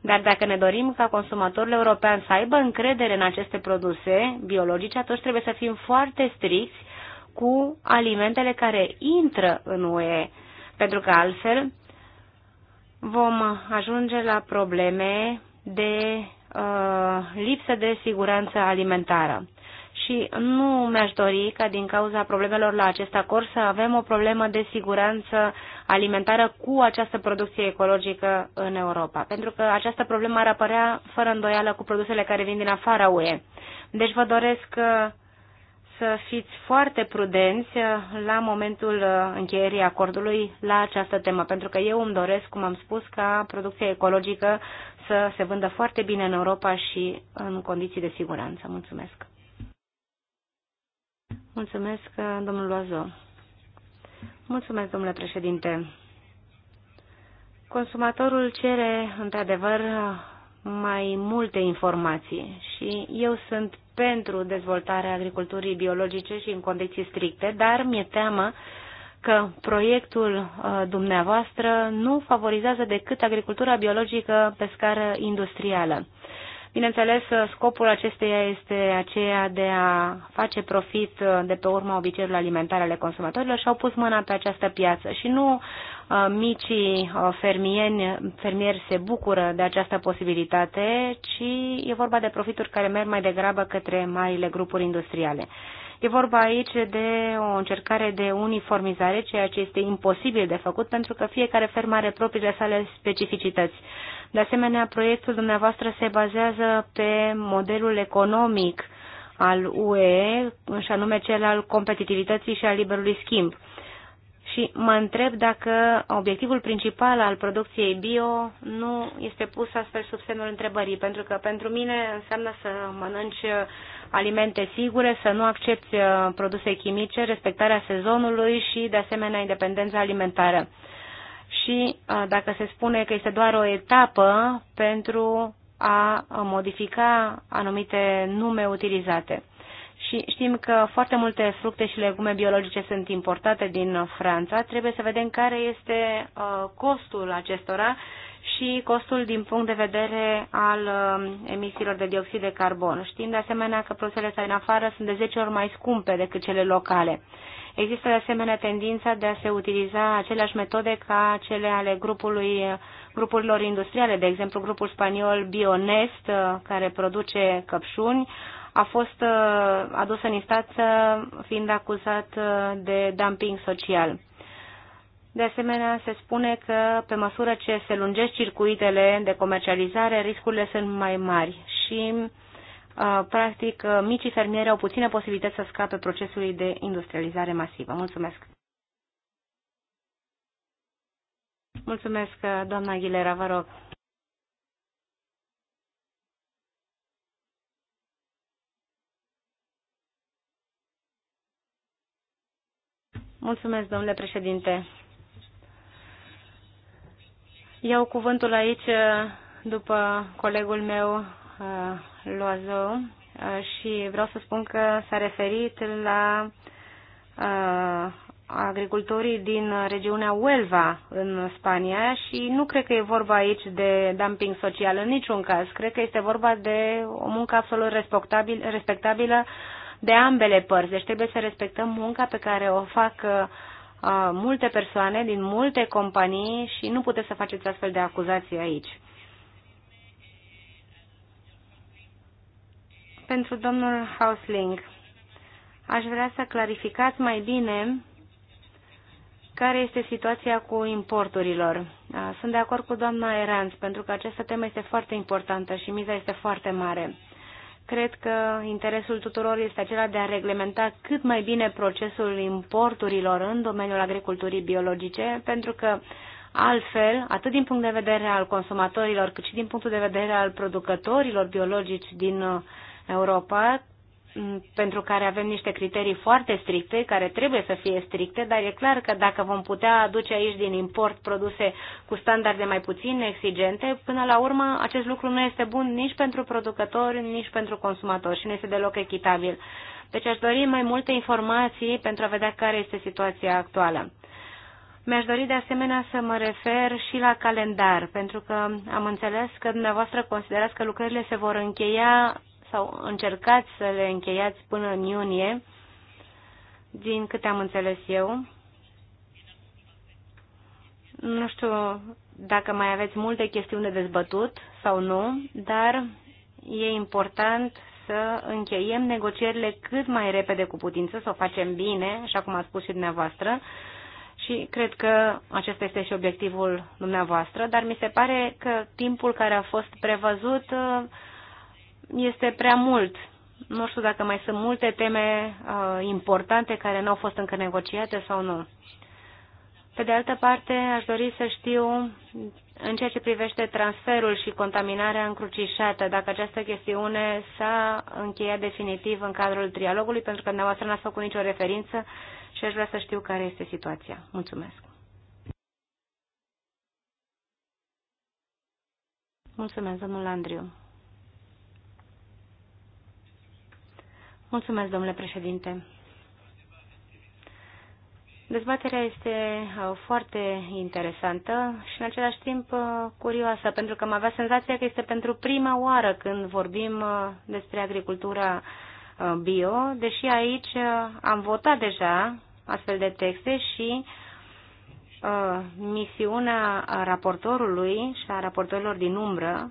dar dacă ne dorim ca consumatorul european să aibă încredere în aceste produse biologice, atunci trebuie să fim foarte stricți cu alimentele care intră în UE, pentru că altfel vom ajunge la probleme de uh, lipsă de siguranță alimentară. Și nu mi-aș dori ca din cauza problemelor la acest acord să avem o problemă de siguranță alimentară cu această producție ecologică în Europa, pentru că această problemă ar apărea fără îndoială cu produsele care vin din afara UE. Deci vă doresc uh, să fiți foarte prudenți uh, la momentul uh, încheierii acordului la această temă, pentru că eu îmi doresc, cum am spus, ca producția ecologică să se vândă foarte bine în Europa și în condiții de siguranță. Mulțumesc! Mulțumesc, uh, domnul Loazo. Mulțumesc, domnule președinte. Consumatorul cere, într-adevăr, mai multe informații și eu sunt pentru dezvoltarea agriculturii biologice și în condiții stricte, dar mi-e teamă că proiectul uh, dumneavoastră nu favorizează decât agricultura biologică pe scară industrială. Bineînțeles, uh, scopul acesteia este aceea de a face profit uh, de pe urma obiceiurilor alimentare ale consumatorilor și au pus mâna pe această piață și nu Uh, micii uh, fermieri, fermieri se bucură de această posibilitate, ci e vorba de profituri care merg mai degrabă către marile grupuri industriale. E vorba aici de o încercare de uniformizare, ceea ce este imposibil de făcut, pentru că fiecare fermă are propriile sale specificități. De asemenea, proiectul dumneavoastră se bazează pe modelul economic al UE, și anume cel al competitivității și al liberului schimb. Și mă întreb dacă obiectivul principal al producției bio nu este pus astfel sub semnul întrebării, pentru că pentru mine înseamnă să mănânci alimente sigure, să nu accepti uh, produse chimice, respectarea sezonului și, de asemenea, independența alimentară. Și uh, dacă se spune că este doar o etapă pentru a modifica anumite nume utilizate și știm că foarte multe fructe și legume biologice sunt importate din Franța. Trebuie să vedem care este uh, costul acestora și costul din punct de vedere al um, emisiilor de dioxid de carbon. Știm de asemenea că produsele în afară sunt de 10 ori mai scumpe decât cele locale. Există de asemenea tendința de a se utiliza aceleași metode ca cele ale grupului, grupurilor industriale, de exemplu grupul spaniol Bionest, uh, care produce căpșuni, a fost uh, adus în instanță fiind acuzat uh, de dumping social. De asemenea, se spune că pe măsură ce se lungesc circuitele de comercializare, riscurile sunt mai mari și, uh, practic, micii fermieri au puține posibilități să scape procesului de industrializare masivă. Mulțumesc! Mulțumesc, doamna Aguilera, vă rog. Mulțumesc, domnule președinte. Iau cuvântul aici uh, după colegul meu, uh, Loazo, uh, și vreau să spun că s-a referit la agricultorii din regiunea Huelva în Spania și nu cred că e vorba aici de dumping social în niciun caz. Cred că este vorba de o muncă absolut respectabilă, respectabilă de ambele părți. Deci trebuie să respectăm munca pe care o fac uh, multe persoane din multe companii și nu puteți să faceți astfel de acuzații aici. Pentru domnul Hausling, aș vrea să clarificați mai bine care este situația cu importurilor. Uh, sunt de acord cu doamna Eranz, pentru că această temă este foarte importantă și miza este foarte mare cred că interesul tuturor este acela de a reglementa cât mai bine procesul importurilor în domeniul agriculturii biologice, pentru că altfel, atât din punct de vedere al consumatorilor, cât și din punctul de vedere al producătorilor biologici din uh, Europa, pentru care avem niște criterii foarte stricte, care trebuie să fie stricte, dar e clar că dacă vom putea aduce aici din import produse cu standarde mai puțin exigente, până la urmă acest lucru nu este bun nici pentru producători, nici pentru consumatori și nu este deloc echitabil. Deci aș dori mai multe informații pentru a vedea care este situația actuală. Mi-aș dori de asemenea să mă refer și la calendar, pentru că am înțeles că dumneavoastră considerați că lucrările se vor încheia sau încercați să le încheiați până în iunie, din câte am înțeles eu. Nu știu dacă mai aveți multe chestiuni de dezbătut sau nu, dar e important să încheiem negocierile cât mai repede cu putință, să o facem bine, așa cum a spus și dumneavoastră, și cred că acesta este și obiectivul dumneavoastră, dar mi se pare că timpul care a fost prevăzut este prea mult. Nu știu dacă mai sunt multe teme uh, importante care nu au fost încă negociate sau nu. Pe de altă parte, aș dori să știu în ceea ce privește transferul și contaminarea încrucișată, dacă această chestiune s-a încheiat definitiv în cadrul trialogului, pentru că dumneavoastră n-ați făcut nicio referință și aș vrea să știu care este situația. Mulțumesc. Mulțumesc, domnul Andriu. Mulțumesc, domnule președinte. Dezbaterea este uh, foarte interesantă și în același timp uh, curioasă, pentru că am avea senzația că este pentru prima oară când vorbim uh, despre agricultura bio, deși aici am votat deja astfel de texte și misiunea raportorului și a raportorilor din umbră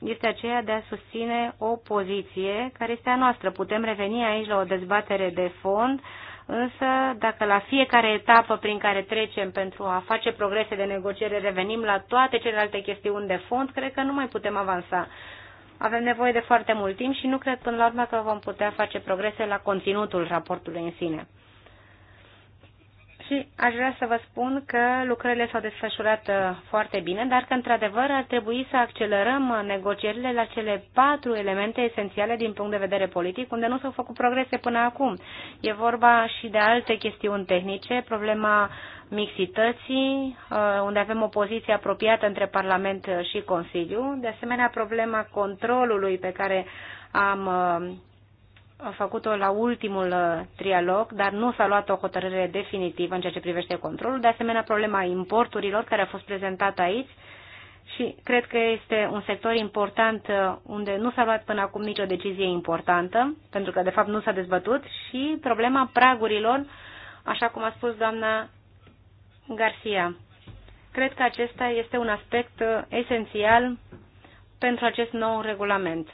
este aceea de a susține o poziție care este a noastră. Putem reveni aici la o dezbatere de fond, însă dacă la fiecare etapă prin care trecem pentru a face progrese de negociere revenim la toate celelalte chestiuni de fond, cred că nu mai putem avansa. Avem nevoie de foarte mult timp și nu cred până la urmă că vom putea face progrese la conținutul raportului în sine. Și aș vrea să vă spun că lucrările s-au desfășurat uh, foarte bine, dar că, într-adevăr, ar trebui să accelerăm uh, negocierile la cele patru elemente esențiale din punct de vedere politic, unde nu s-au făcut progrese până acum. E vorba și de alte chestiuni tehnice, problema mixității, uh, unde avem o poziție apropiată între Parlament și Consiliu, de asemenea problema controlului pe care am făcut-o la ultimul uh, trialog, dar nu s-a luat o hotărâre definitivă în ceea ce privește controlul. De asemenea, problema importurilor care a fost prezentată aici și cred că este un sector important uh, unde nu s-a luat până acum nicio decizie importantă, pentru că de fapt nu s-a dezbătut și problema pragurilor, așa cum a spus doamna Garcia. Cred că acesta este un aspect uh, esențial pentru acest nou regulament.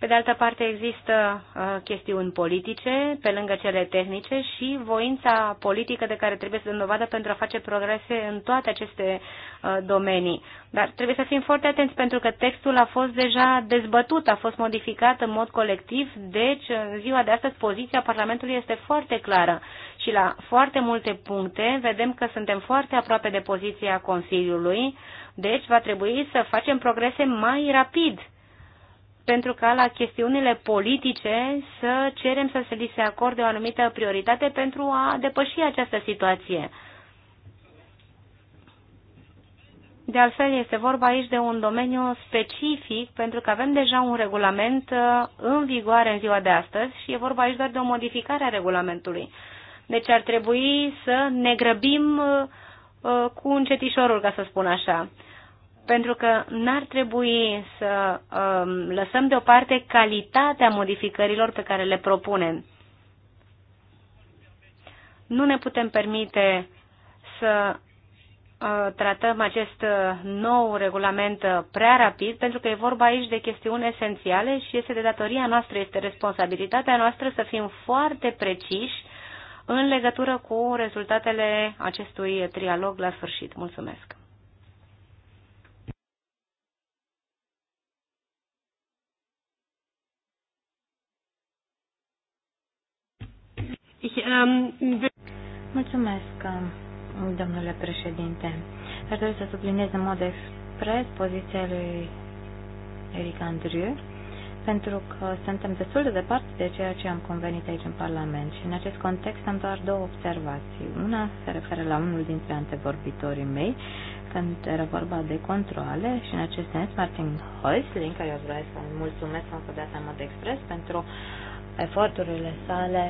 Pe de altă parte, există uh, chestiuni politice, pe lângă cele tehnice, și voința politică de care trebuie să dăm dovadă pentru a face progrese în toate aceste uh, domenii. Dar trebuie să fim foarte atenți pentru că textul a fost deja dezbătut, a fost modificat în mod colectiv, deci uh, în ziua de astăzi poziția Parlamentului este foarte clară și la foarte multe puncte vedem că suntem foarte aproape de poziția Consiliului, deci va trebui să facem progrese mai rapid pentru ca la chestiunile politice să cerem să se li se acorde o anumită prioritate pentru a depăși această situație. De altfel, este vorba aici de un domeniu specific, pentru că avem deja un regulament uh, în vigoare în ziua de astăzi și e vorba aici doar de o modificare a regulamentului. Deci ar trebui să ne grăbim uh, uh, cu încetișorul, ca să spun așa pentru că n-ar trebui să um, lăsăm deoparte calitatea modificărilor pe care le propunem. Nu ne putem permite să uh, tratăm acest uh, nou regulament uh, prea rapid, pentru că e vorba aici de chestiuni esențiale și este de datoria noastră, este responsabilitatea noastră să fim foarte preciși în legătură cu rezultatele acestui trialog la sfârșit. Mulțumesc! Um, mulțumesc, um, domnule președinte. Aș dori să subliniez în mod expres poziția lui Eric Andriu, pentru că suntem destul de departe de ceea ce am convenit aici în Parlament și în acest context am doar două observații. Una se referă la unul dintre antevorbitorii mei, când era vorba de controle și în acest sens Martin Häusling, care eu vreau să-i mulțumesc încă de asta în mod expres pentru eforturile sale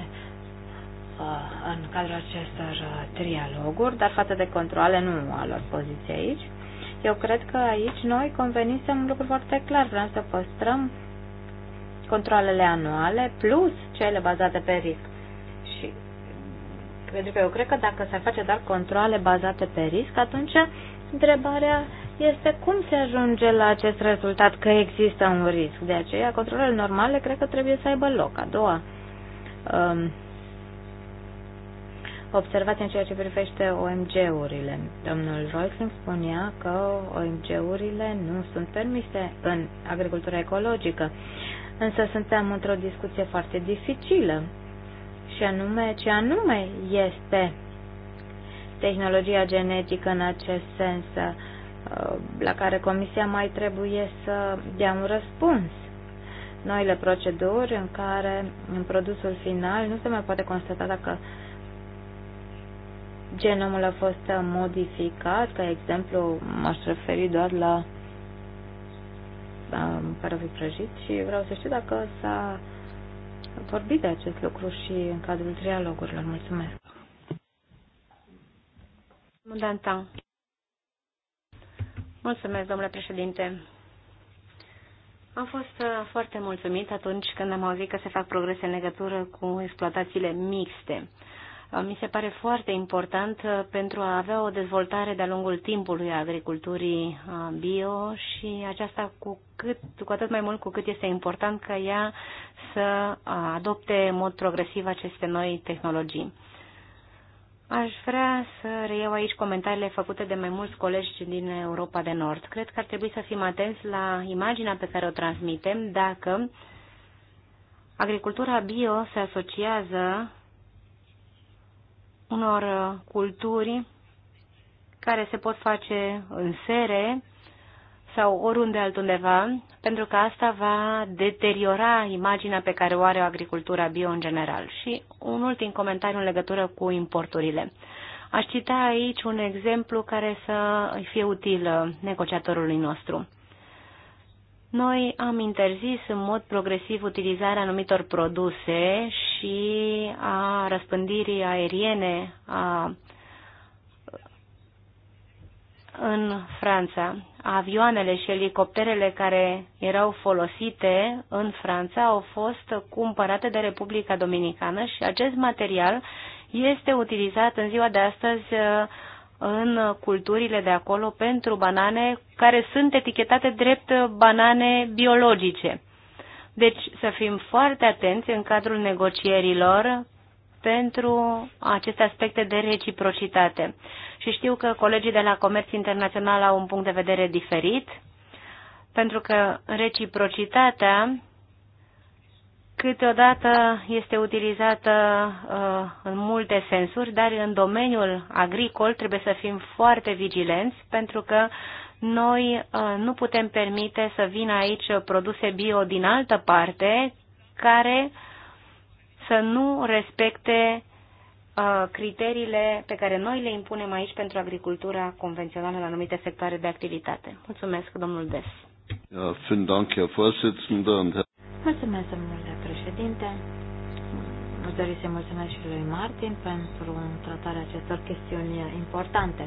Uh, în cadrul acestor uh, trialoguri, dar față de controle nu a luat poziție aici. Eu cred că aici noi convenisem un lucru foarte clar. Vreau să păstrăm controlele anuale plus cele bazate pe risc. Și pentru că eu cred că dacă s-ar face doar controle bazate pe risc, atunci întrebarea este cum se ajunge la acest rezultat că există un risc. De aceea, controlele normale cred că trebuie să aibă loc. A doua um, observații în ceea ce privește OMG-urile. Domnul Reusling spunea că OMG-urile nu sunt permise în agricultura ecologică, însă suntem într-o discuție foarte dificilă și anume ce anume este tehnologia genetică în acest sens uh, la care Comisia mai trebuie să dea un răspuns noile proceduri în care în produsul final nu se mai poate constata dacă genomul a fost uh, modificat, ca exemplu, m-aș referi doar la carofii um, prăjit și vreau să știu dacă s-a vorbit de acest lucru și în cadrul trialogurilor. Mulțumesc! Dantan. Mulțumesc, domnule președinte. Am fost uh, foarte mulțumit atunci când am auzit că se fac progrese în legătură cu exploatațiile mixte. Uh, mi se pare foarte important uh, pentru a avea o dezvoltare de-a lungul timpului a agriculturii uh, bio și aceasta cu, cât, cu atât mai mult cu cât este important ca ea să adopte în mod progresiv aceste noi tehnologii. Aș vrea să reiau aici comentariile făcute de mai mulți colegi din Europa de Nord. Cred că ar trebui să fim atenți la imaginea pe care o transmitem dacă agricultura bio se asociază unor uh, culturi care se pot face în sere sau oriunde altundeva, pentru că asta va deteriora imaginea pe care o are o agricultura bio în general. Și un ultim comentariu în legătură cu importurile. Aș cita aici un exemplu care să îi fie util uh, negociatorului nostru. Noi am interzis în mod progresiv utilizarea anumitor produse și a răspândirii aeriene a, în Franța. Avioanele și elicopterele care erau folosite în Franța au fost cumpărate de Republica Dominicană și acest material este utilizat în ziua de astăzi în culturile de acolo pentru banane care sunt etichetate drept banane biologice. Deci să fim foarte atenți în cadrul negocierilor pentru aceste aspecte de reciprocitate. Și știu că colegii de la Comerț Internațional au un punct de vedere diferit, pentru că reciprocitatea câteodată este utilizată uh, în multe sensuri, dar în domeniul agricol trebuie să fim foarte vigilenți pentru că noi uh, nu putem permite să vină aici produse bio din altă parte care să nu respecte uh, criteriile pe care noi le impunem aici pentru agricultura convențională în anumite sectoare de activitate. Mulțumesc, domnul Des. Ja, vielen Dank, Herr Vorsitzender. Mulțumesc, domnule Părinte. Aș dori să mulțumesc și lui Martin pentru tratarea acestor chestiuni importante.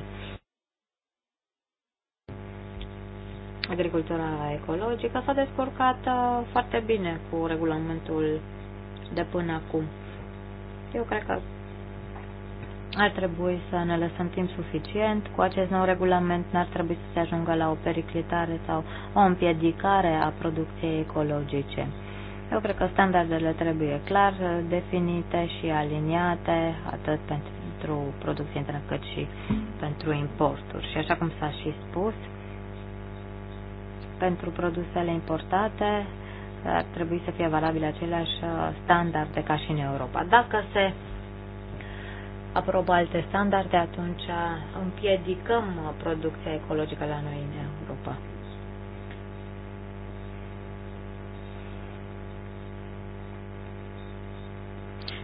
Agricultura ecologică s-a descurcat uh, foarte bine cu regulamentul de până acum. Eu cred că ar trebui să ne lăsăm timp suficient. Cu acest nou regulament n-ar trebui să se ajungă la o periclitare sau o împiedicare a producției ecologice. Eu cred că standardele trebuie clar uh, definite și aliniate, atât pentru producție internă cât și pentru importuri. Și așa cum s-a și spus, pentru produsele importate uh, ar trebui să fie valabile aceleași uh, standarde ca și în Europa. Dacă se aprobă alte standarde, atunci împiedicăm producția ecologică la noi în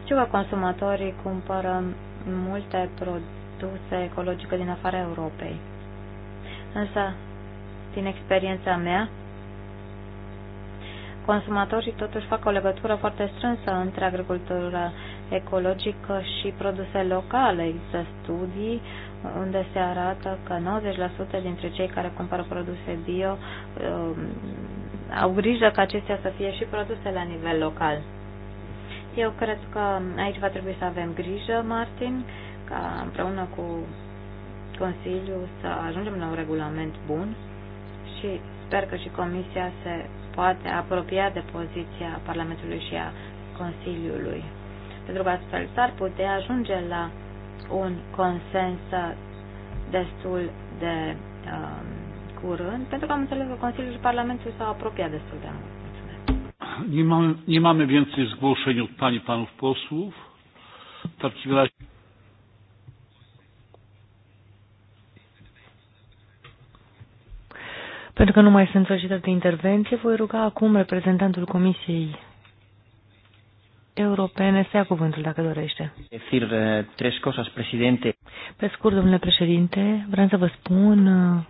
Știu că consumatorii cumpără multe produse ecologice din afara Europei. Însă, din experiența mea, consumatorii totuși fac o legătură foarte strânsă între agricultura ecologică și produse locale. Există studii unde se arată că 90% dintre cei care cumpără produse bio um, au grijă ca acestea să fie și produse la nivel local. Eu cred că aici va trebui să avem grijă, Martin, ca împreună cu Consiliul să ajungem la un regulament bun și sper că și Comisia se poate apropia de poziția Parlamentului și a Consiliului. Pentru că astfel s-ar putea ajunge la un consens destul de um, curând, pentru că am înțeles că Consiliul și Parlamentul s-au apropiat destul de mult. Nie mamy, nie mamy więcej zgłoszeń od pani panów posłów. W takim razie. Pentru că nu mai sunt solicitat de intervenție, voi ruga acum reprezentantul Comisiei Europene să ia cuvântul, dacă dorește. Eh, președinte. Pe scurt, domnule președinte, vreau să vă spun eh,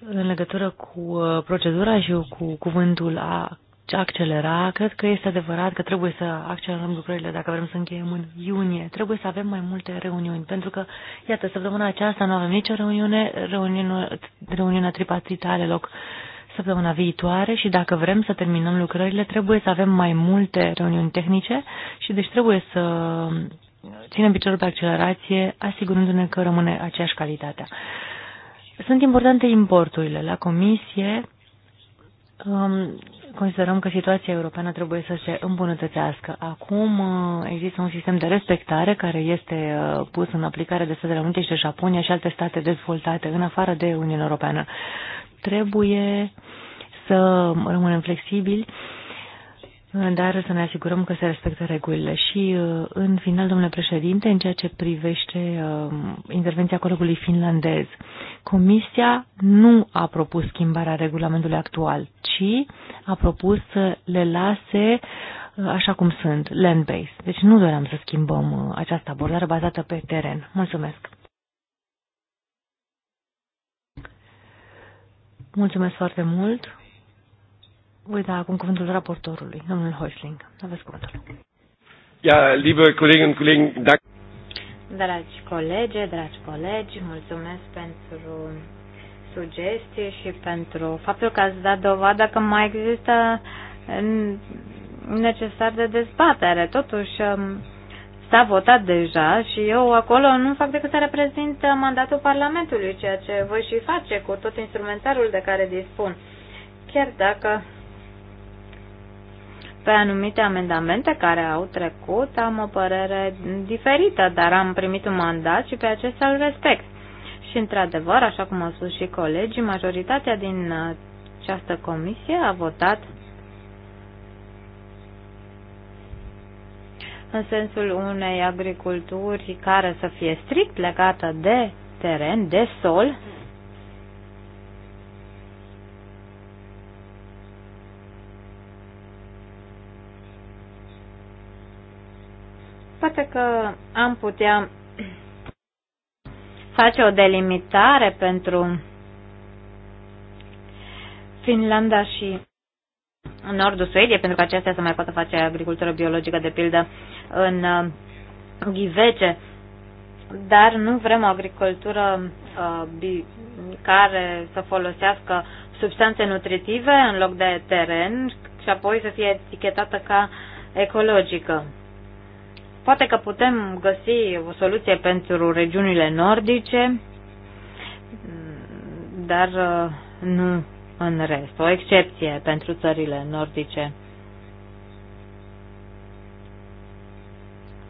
în legătură cu eh, procedura și cu cuvântul a accelera. Cred că este adevărat că trebuie să accelerăm lucrurile dacă vrem să încheiem în iunie. Trebuie să avem mai multe reuniuni, pentru că, iată, săptămâna aceasta nu avem nicio reuniune, reuniunea, reuniunea tripartită are loc săptămâna viitoare și dacă vrem să terminăm lucrările, trebuie să avem mai multe reuniuni tehnice și deci trebuie să ținem piciorul pe accelerație, asigurându-ne că rămâne aceeași calitate. Sunt importante importurile. La comisie um, considerăm că situația europeană trebuie să se îmbunătățească. Acum uh, există un sistem de respectare care este uh, pus în aplicare de Statele Unite și de Japonia și alte state dezvoltate în afară de Uniunea Europeană. Trebuie să rămânem flexibili dar să ne asigurăm că se respectă regulile. Și, uh, în final, domnule președinte, în ceea ce privește uh, intervenția colegului finlandez, Comisia nu a propus schimbarea regulamentului actual, ci a propus să le lase uh, așa cum sunt, land-based. Deci nu doream să schimbăm această abordare bazată pe teren. Mulțumesc! Mulțumesc foarte mult! Voi da acum cuvântul raportorului, domnul Hoisling. Aveți cuvântul. Ia, liebe Kolleginnen und Kollegen, Dragi colegi, dragi colegi, mulțumesc pentru sugestii și pentru faptul că ați dat dovadă că mai există mm, necesar de dezbatere. Totuși, mm, s-a votat deja și eu acolo nu fac decât să reprezint mandatul Parlamentului, ceea ce voi și face cu tot instrumentarul de care dispun. Chiar dacă pe anumite amendamente care au trecut am o părere diferită, dar am primit un mandat și pe acesta îl respect. Și într-adevăr, așa cum au spus și colegii, majoritatea din această comisie a votat în sensul unei agriculturi care să fie strict legată de teren, de sol, Poate că am putea face o delimitare pentru Finlanda și nordul Suediei, pentru că acestea se mai poate face agricultură biologică, de pildă, în uh, ghivece. Dar nu vrem o agricultură uh, care să folosească substanțe nutritive în loc de teren și apoi să fie etichetată ca ecologică. Poate că putem găsi o soluție pentru regiunile nordice, dar uh, nu în rest. O excepție pentru țările nordice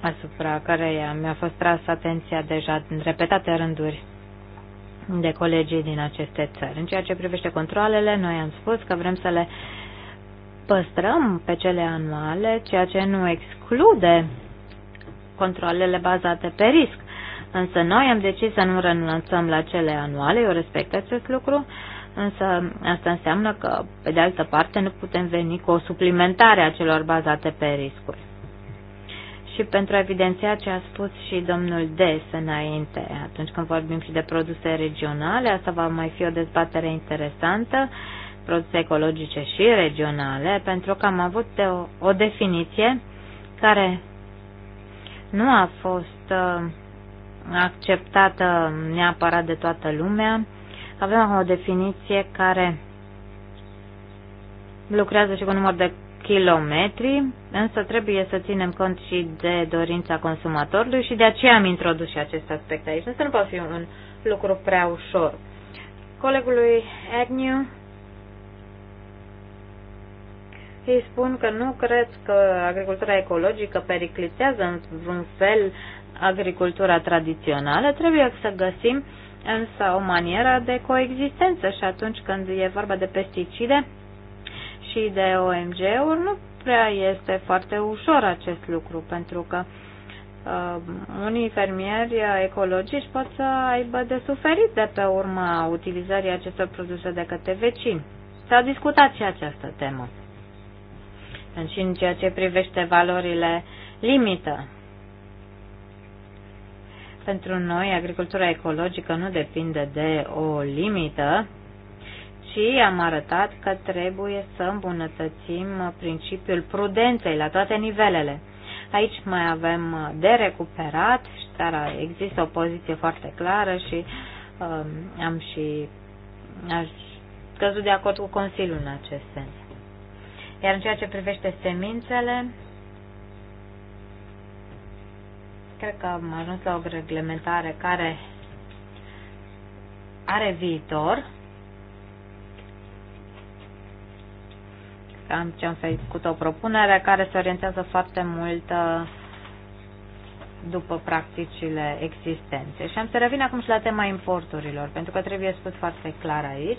asupra căreia mi-a fost tras atenția deja în repetate rânduri de colegii din aceste țări. În ceea ce privește controlele, noi am spus că vrem să le păstrăm pe cele anuale, ceea ce nu exclude controlele bazate pe risc. Însă noi am decis să nu renunțăm la cele anuale, eu respect acest lucru, însă asta înseamnă că, pe de altă parte, nu putem veni cu o suplimentare a celor bazate pe riscuri. Și pentru a evidenția ce a spus și domnul Des înainte, atunci când vorbim și de produse regionale, asta va mai fi o dezbatere interesantă, produse ecologice și regionale, pentru că am avut o, o definiție care nu a fost uh, acceptată neapărat de toată lumea. Avem o definiție care lucrează și cu număr de kilometri, însă trebuie să ținem cont și de dorința consumatorului și de aceea am introdus și acest aspect aici. Asta nu poate fi un lucru prea ușor. Colegului Agnew ei spun că nu cred că agricultura ecologică periclitează într-un fel agricultura tradițională. Trebuie să găsim însă o manieră de coexistență și atunci când e vorba de pesticide și de OMG-uri, nu prea este foarte ușor acest lucru, pentru că uh, unii fermieri ecologici pot să aibă de suferit de pe urma utilizării acestor produse de către vecini. S-a discutat și această temă și în ceea ce privește valorile limită. Pentru noi, agricultura ecologică nu depinde de o limită, ci am arătat că trebuie să îmbunătățim principiul prudenței la toate nivelele. Aici mai avem de recuperat dar există o poziție foarte clară și um, am și aș căzut de acord cu Consiliul în acest sens. Iar în ceea ce privește semințele, cred că am ajuns la o reglementare care are viitor. Am ce am făcut o propunere care se orientează foarte mult uh, după practicile existente. Și am să revin acum și la tema importurilor, pentru că trebuie spus foarte clar aici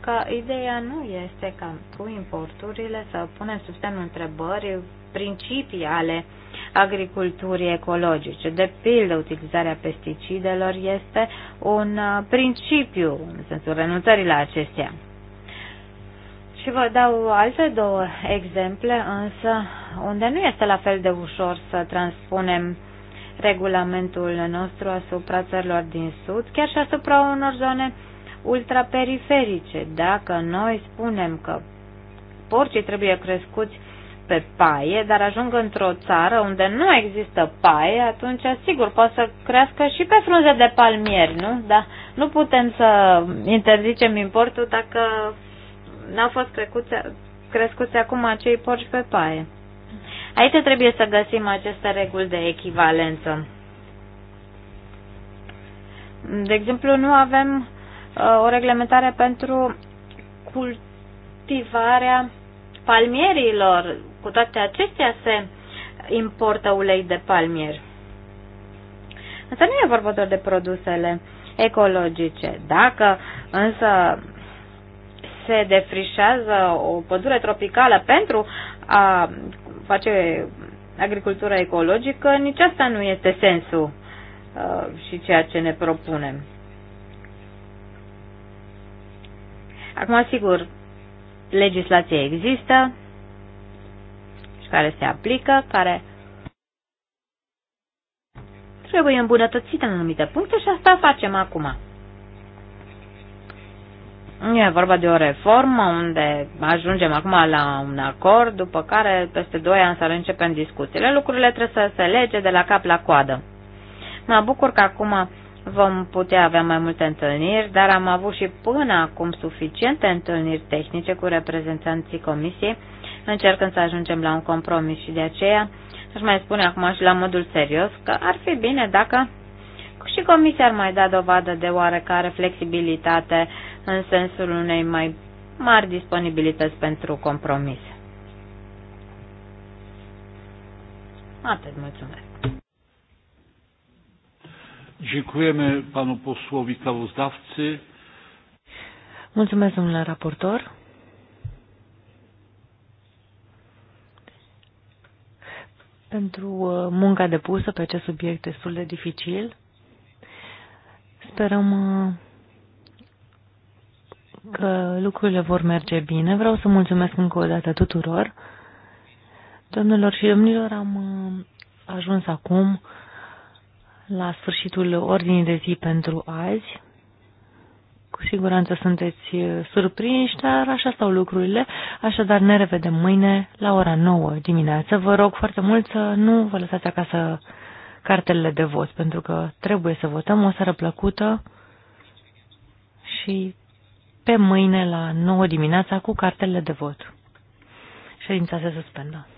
că ideea nu este ca cu importurile să punem sub semnul întrebării principii ale agriculturii ecologice. De pildă, utilizarea pesticidelor este un uh, principiu, în sensul renunțării la acestea. Și vă dau alte două exemple, însă unde nu este la fel de ușor să transpunem regulamentul nostru asupra țărilor din Sud, chiar și asupra unor zone uh, ultraperiferice. Dacă noi spunem că porcii trebuie crescuți pe paie, dar ajung într-o țară unde nu există paie, atunci sigur poate să crească și pe frunze de palmieri, nu? Dar nu putem să interzicem importul dacă n-au fost crescuți, crescuți acum acei porci pe paie. Aici trebuie să găsim aceste reguli de echivalență. De exemplu, nu avem Uh, o reglementare pentru cultivarea palmierilor. Cu toate acestea se importă ulei de palmier. Însă nu e vorba doar de produsele ecologice. Dacă însă se defrișează o pădure tropicală pentru a face agricultura ecologică, nici asta nu este sensul uh, și ceea ce ne propunem. Acum, sigur, legislația există și care se aplică, care trebuie îmbunătățită în anumite puncte și asta facem acum. E vorba de o reformă unde ajungem acum la un acord, după care peste 2 ani să începem discuțiile. Lucrurile trebuie să se lege de la cap la coadă. Mă bucur că acum vom putea avea mai multe întâlniri, dar am avut și până acum suficiente întâlniri tehnice cu reprezentanții comisiei, încercând să ajungem la un compromis și de aceea aș mai spune acum și la modul serios că ar fi bine dacă și comisia ar mai da dovadă de oarecare flexibilitate în sensul unei mai mari disponibilități pentru compromis. Atât, mulțumesc. Dziękujemy panu posłowi sprawozdawcy. Mulțumesc, domnule raportor. pentru uh, munca depusă pe acest subiect destul de dificil. Sperăm uh, că lucrurile vor merge bine. Vreau să mulțumesc încă o dată tuturor. Domnilor și domnilor, am uh, ajuns acum la sfârșitul ordinii de zi pentru azi. Cu siguranță sunteți uh, surprinși, dar așa stau lucrurile. Așadar, ne revedem mâine la ora 9 dimineață. Vă rog foarte mult să nu vă lăsați acasă cartelele de vot, pentru că trebuie să votăm o seară plăcută și pe mâine la 9 dimineața cu cartelele de vot. Ședința se suspendă.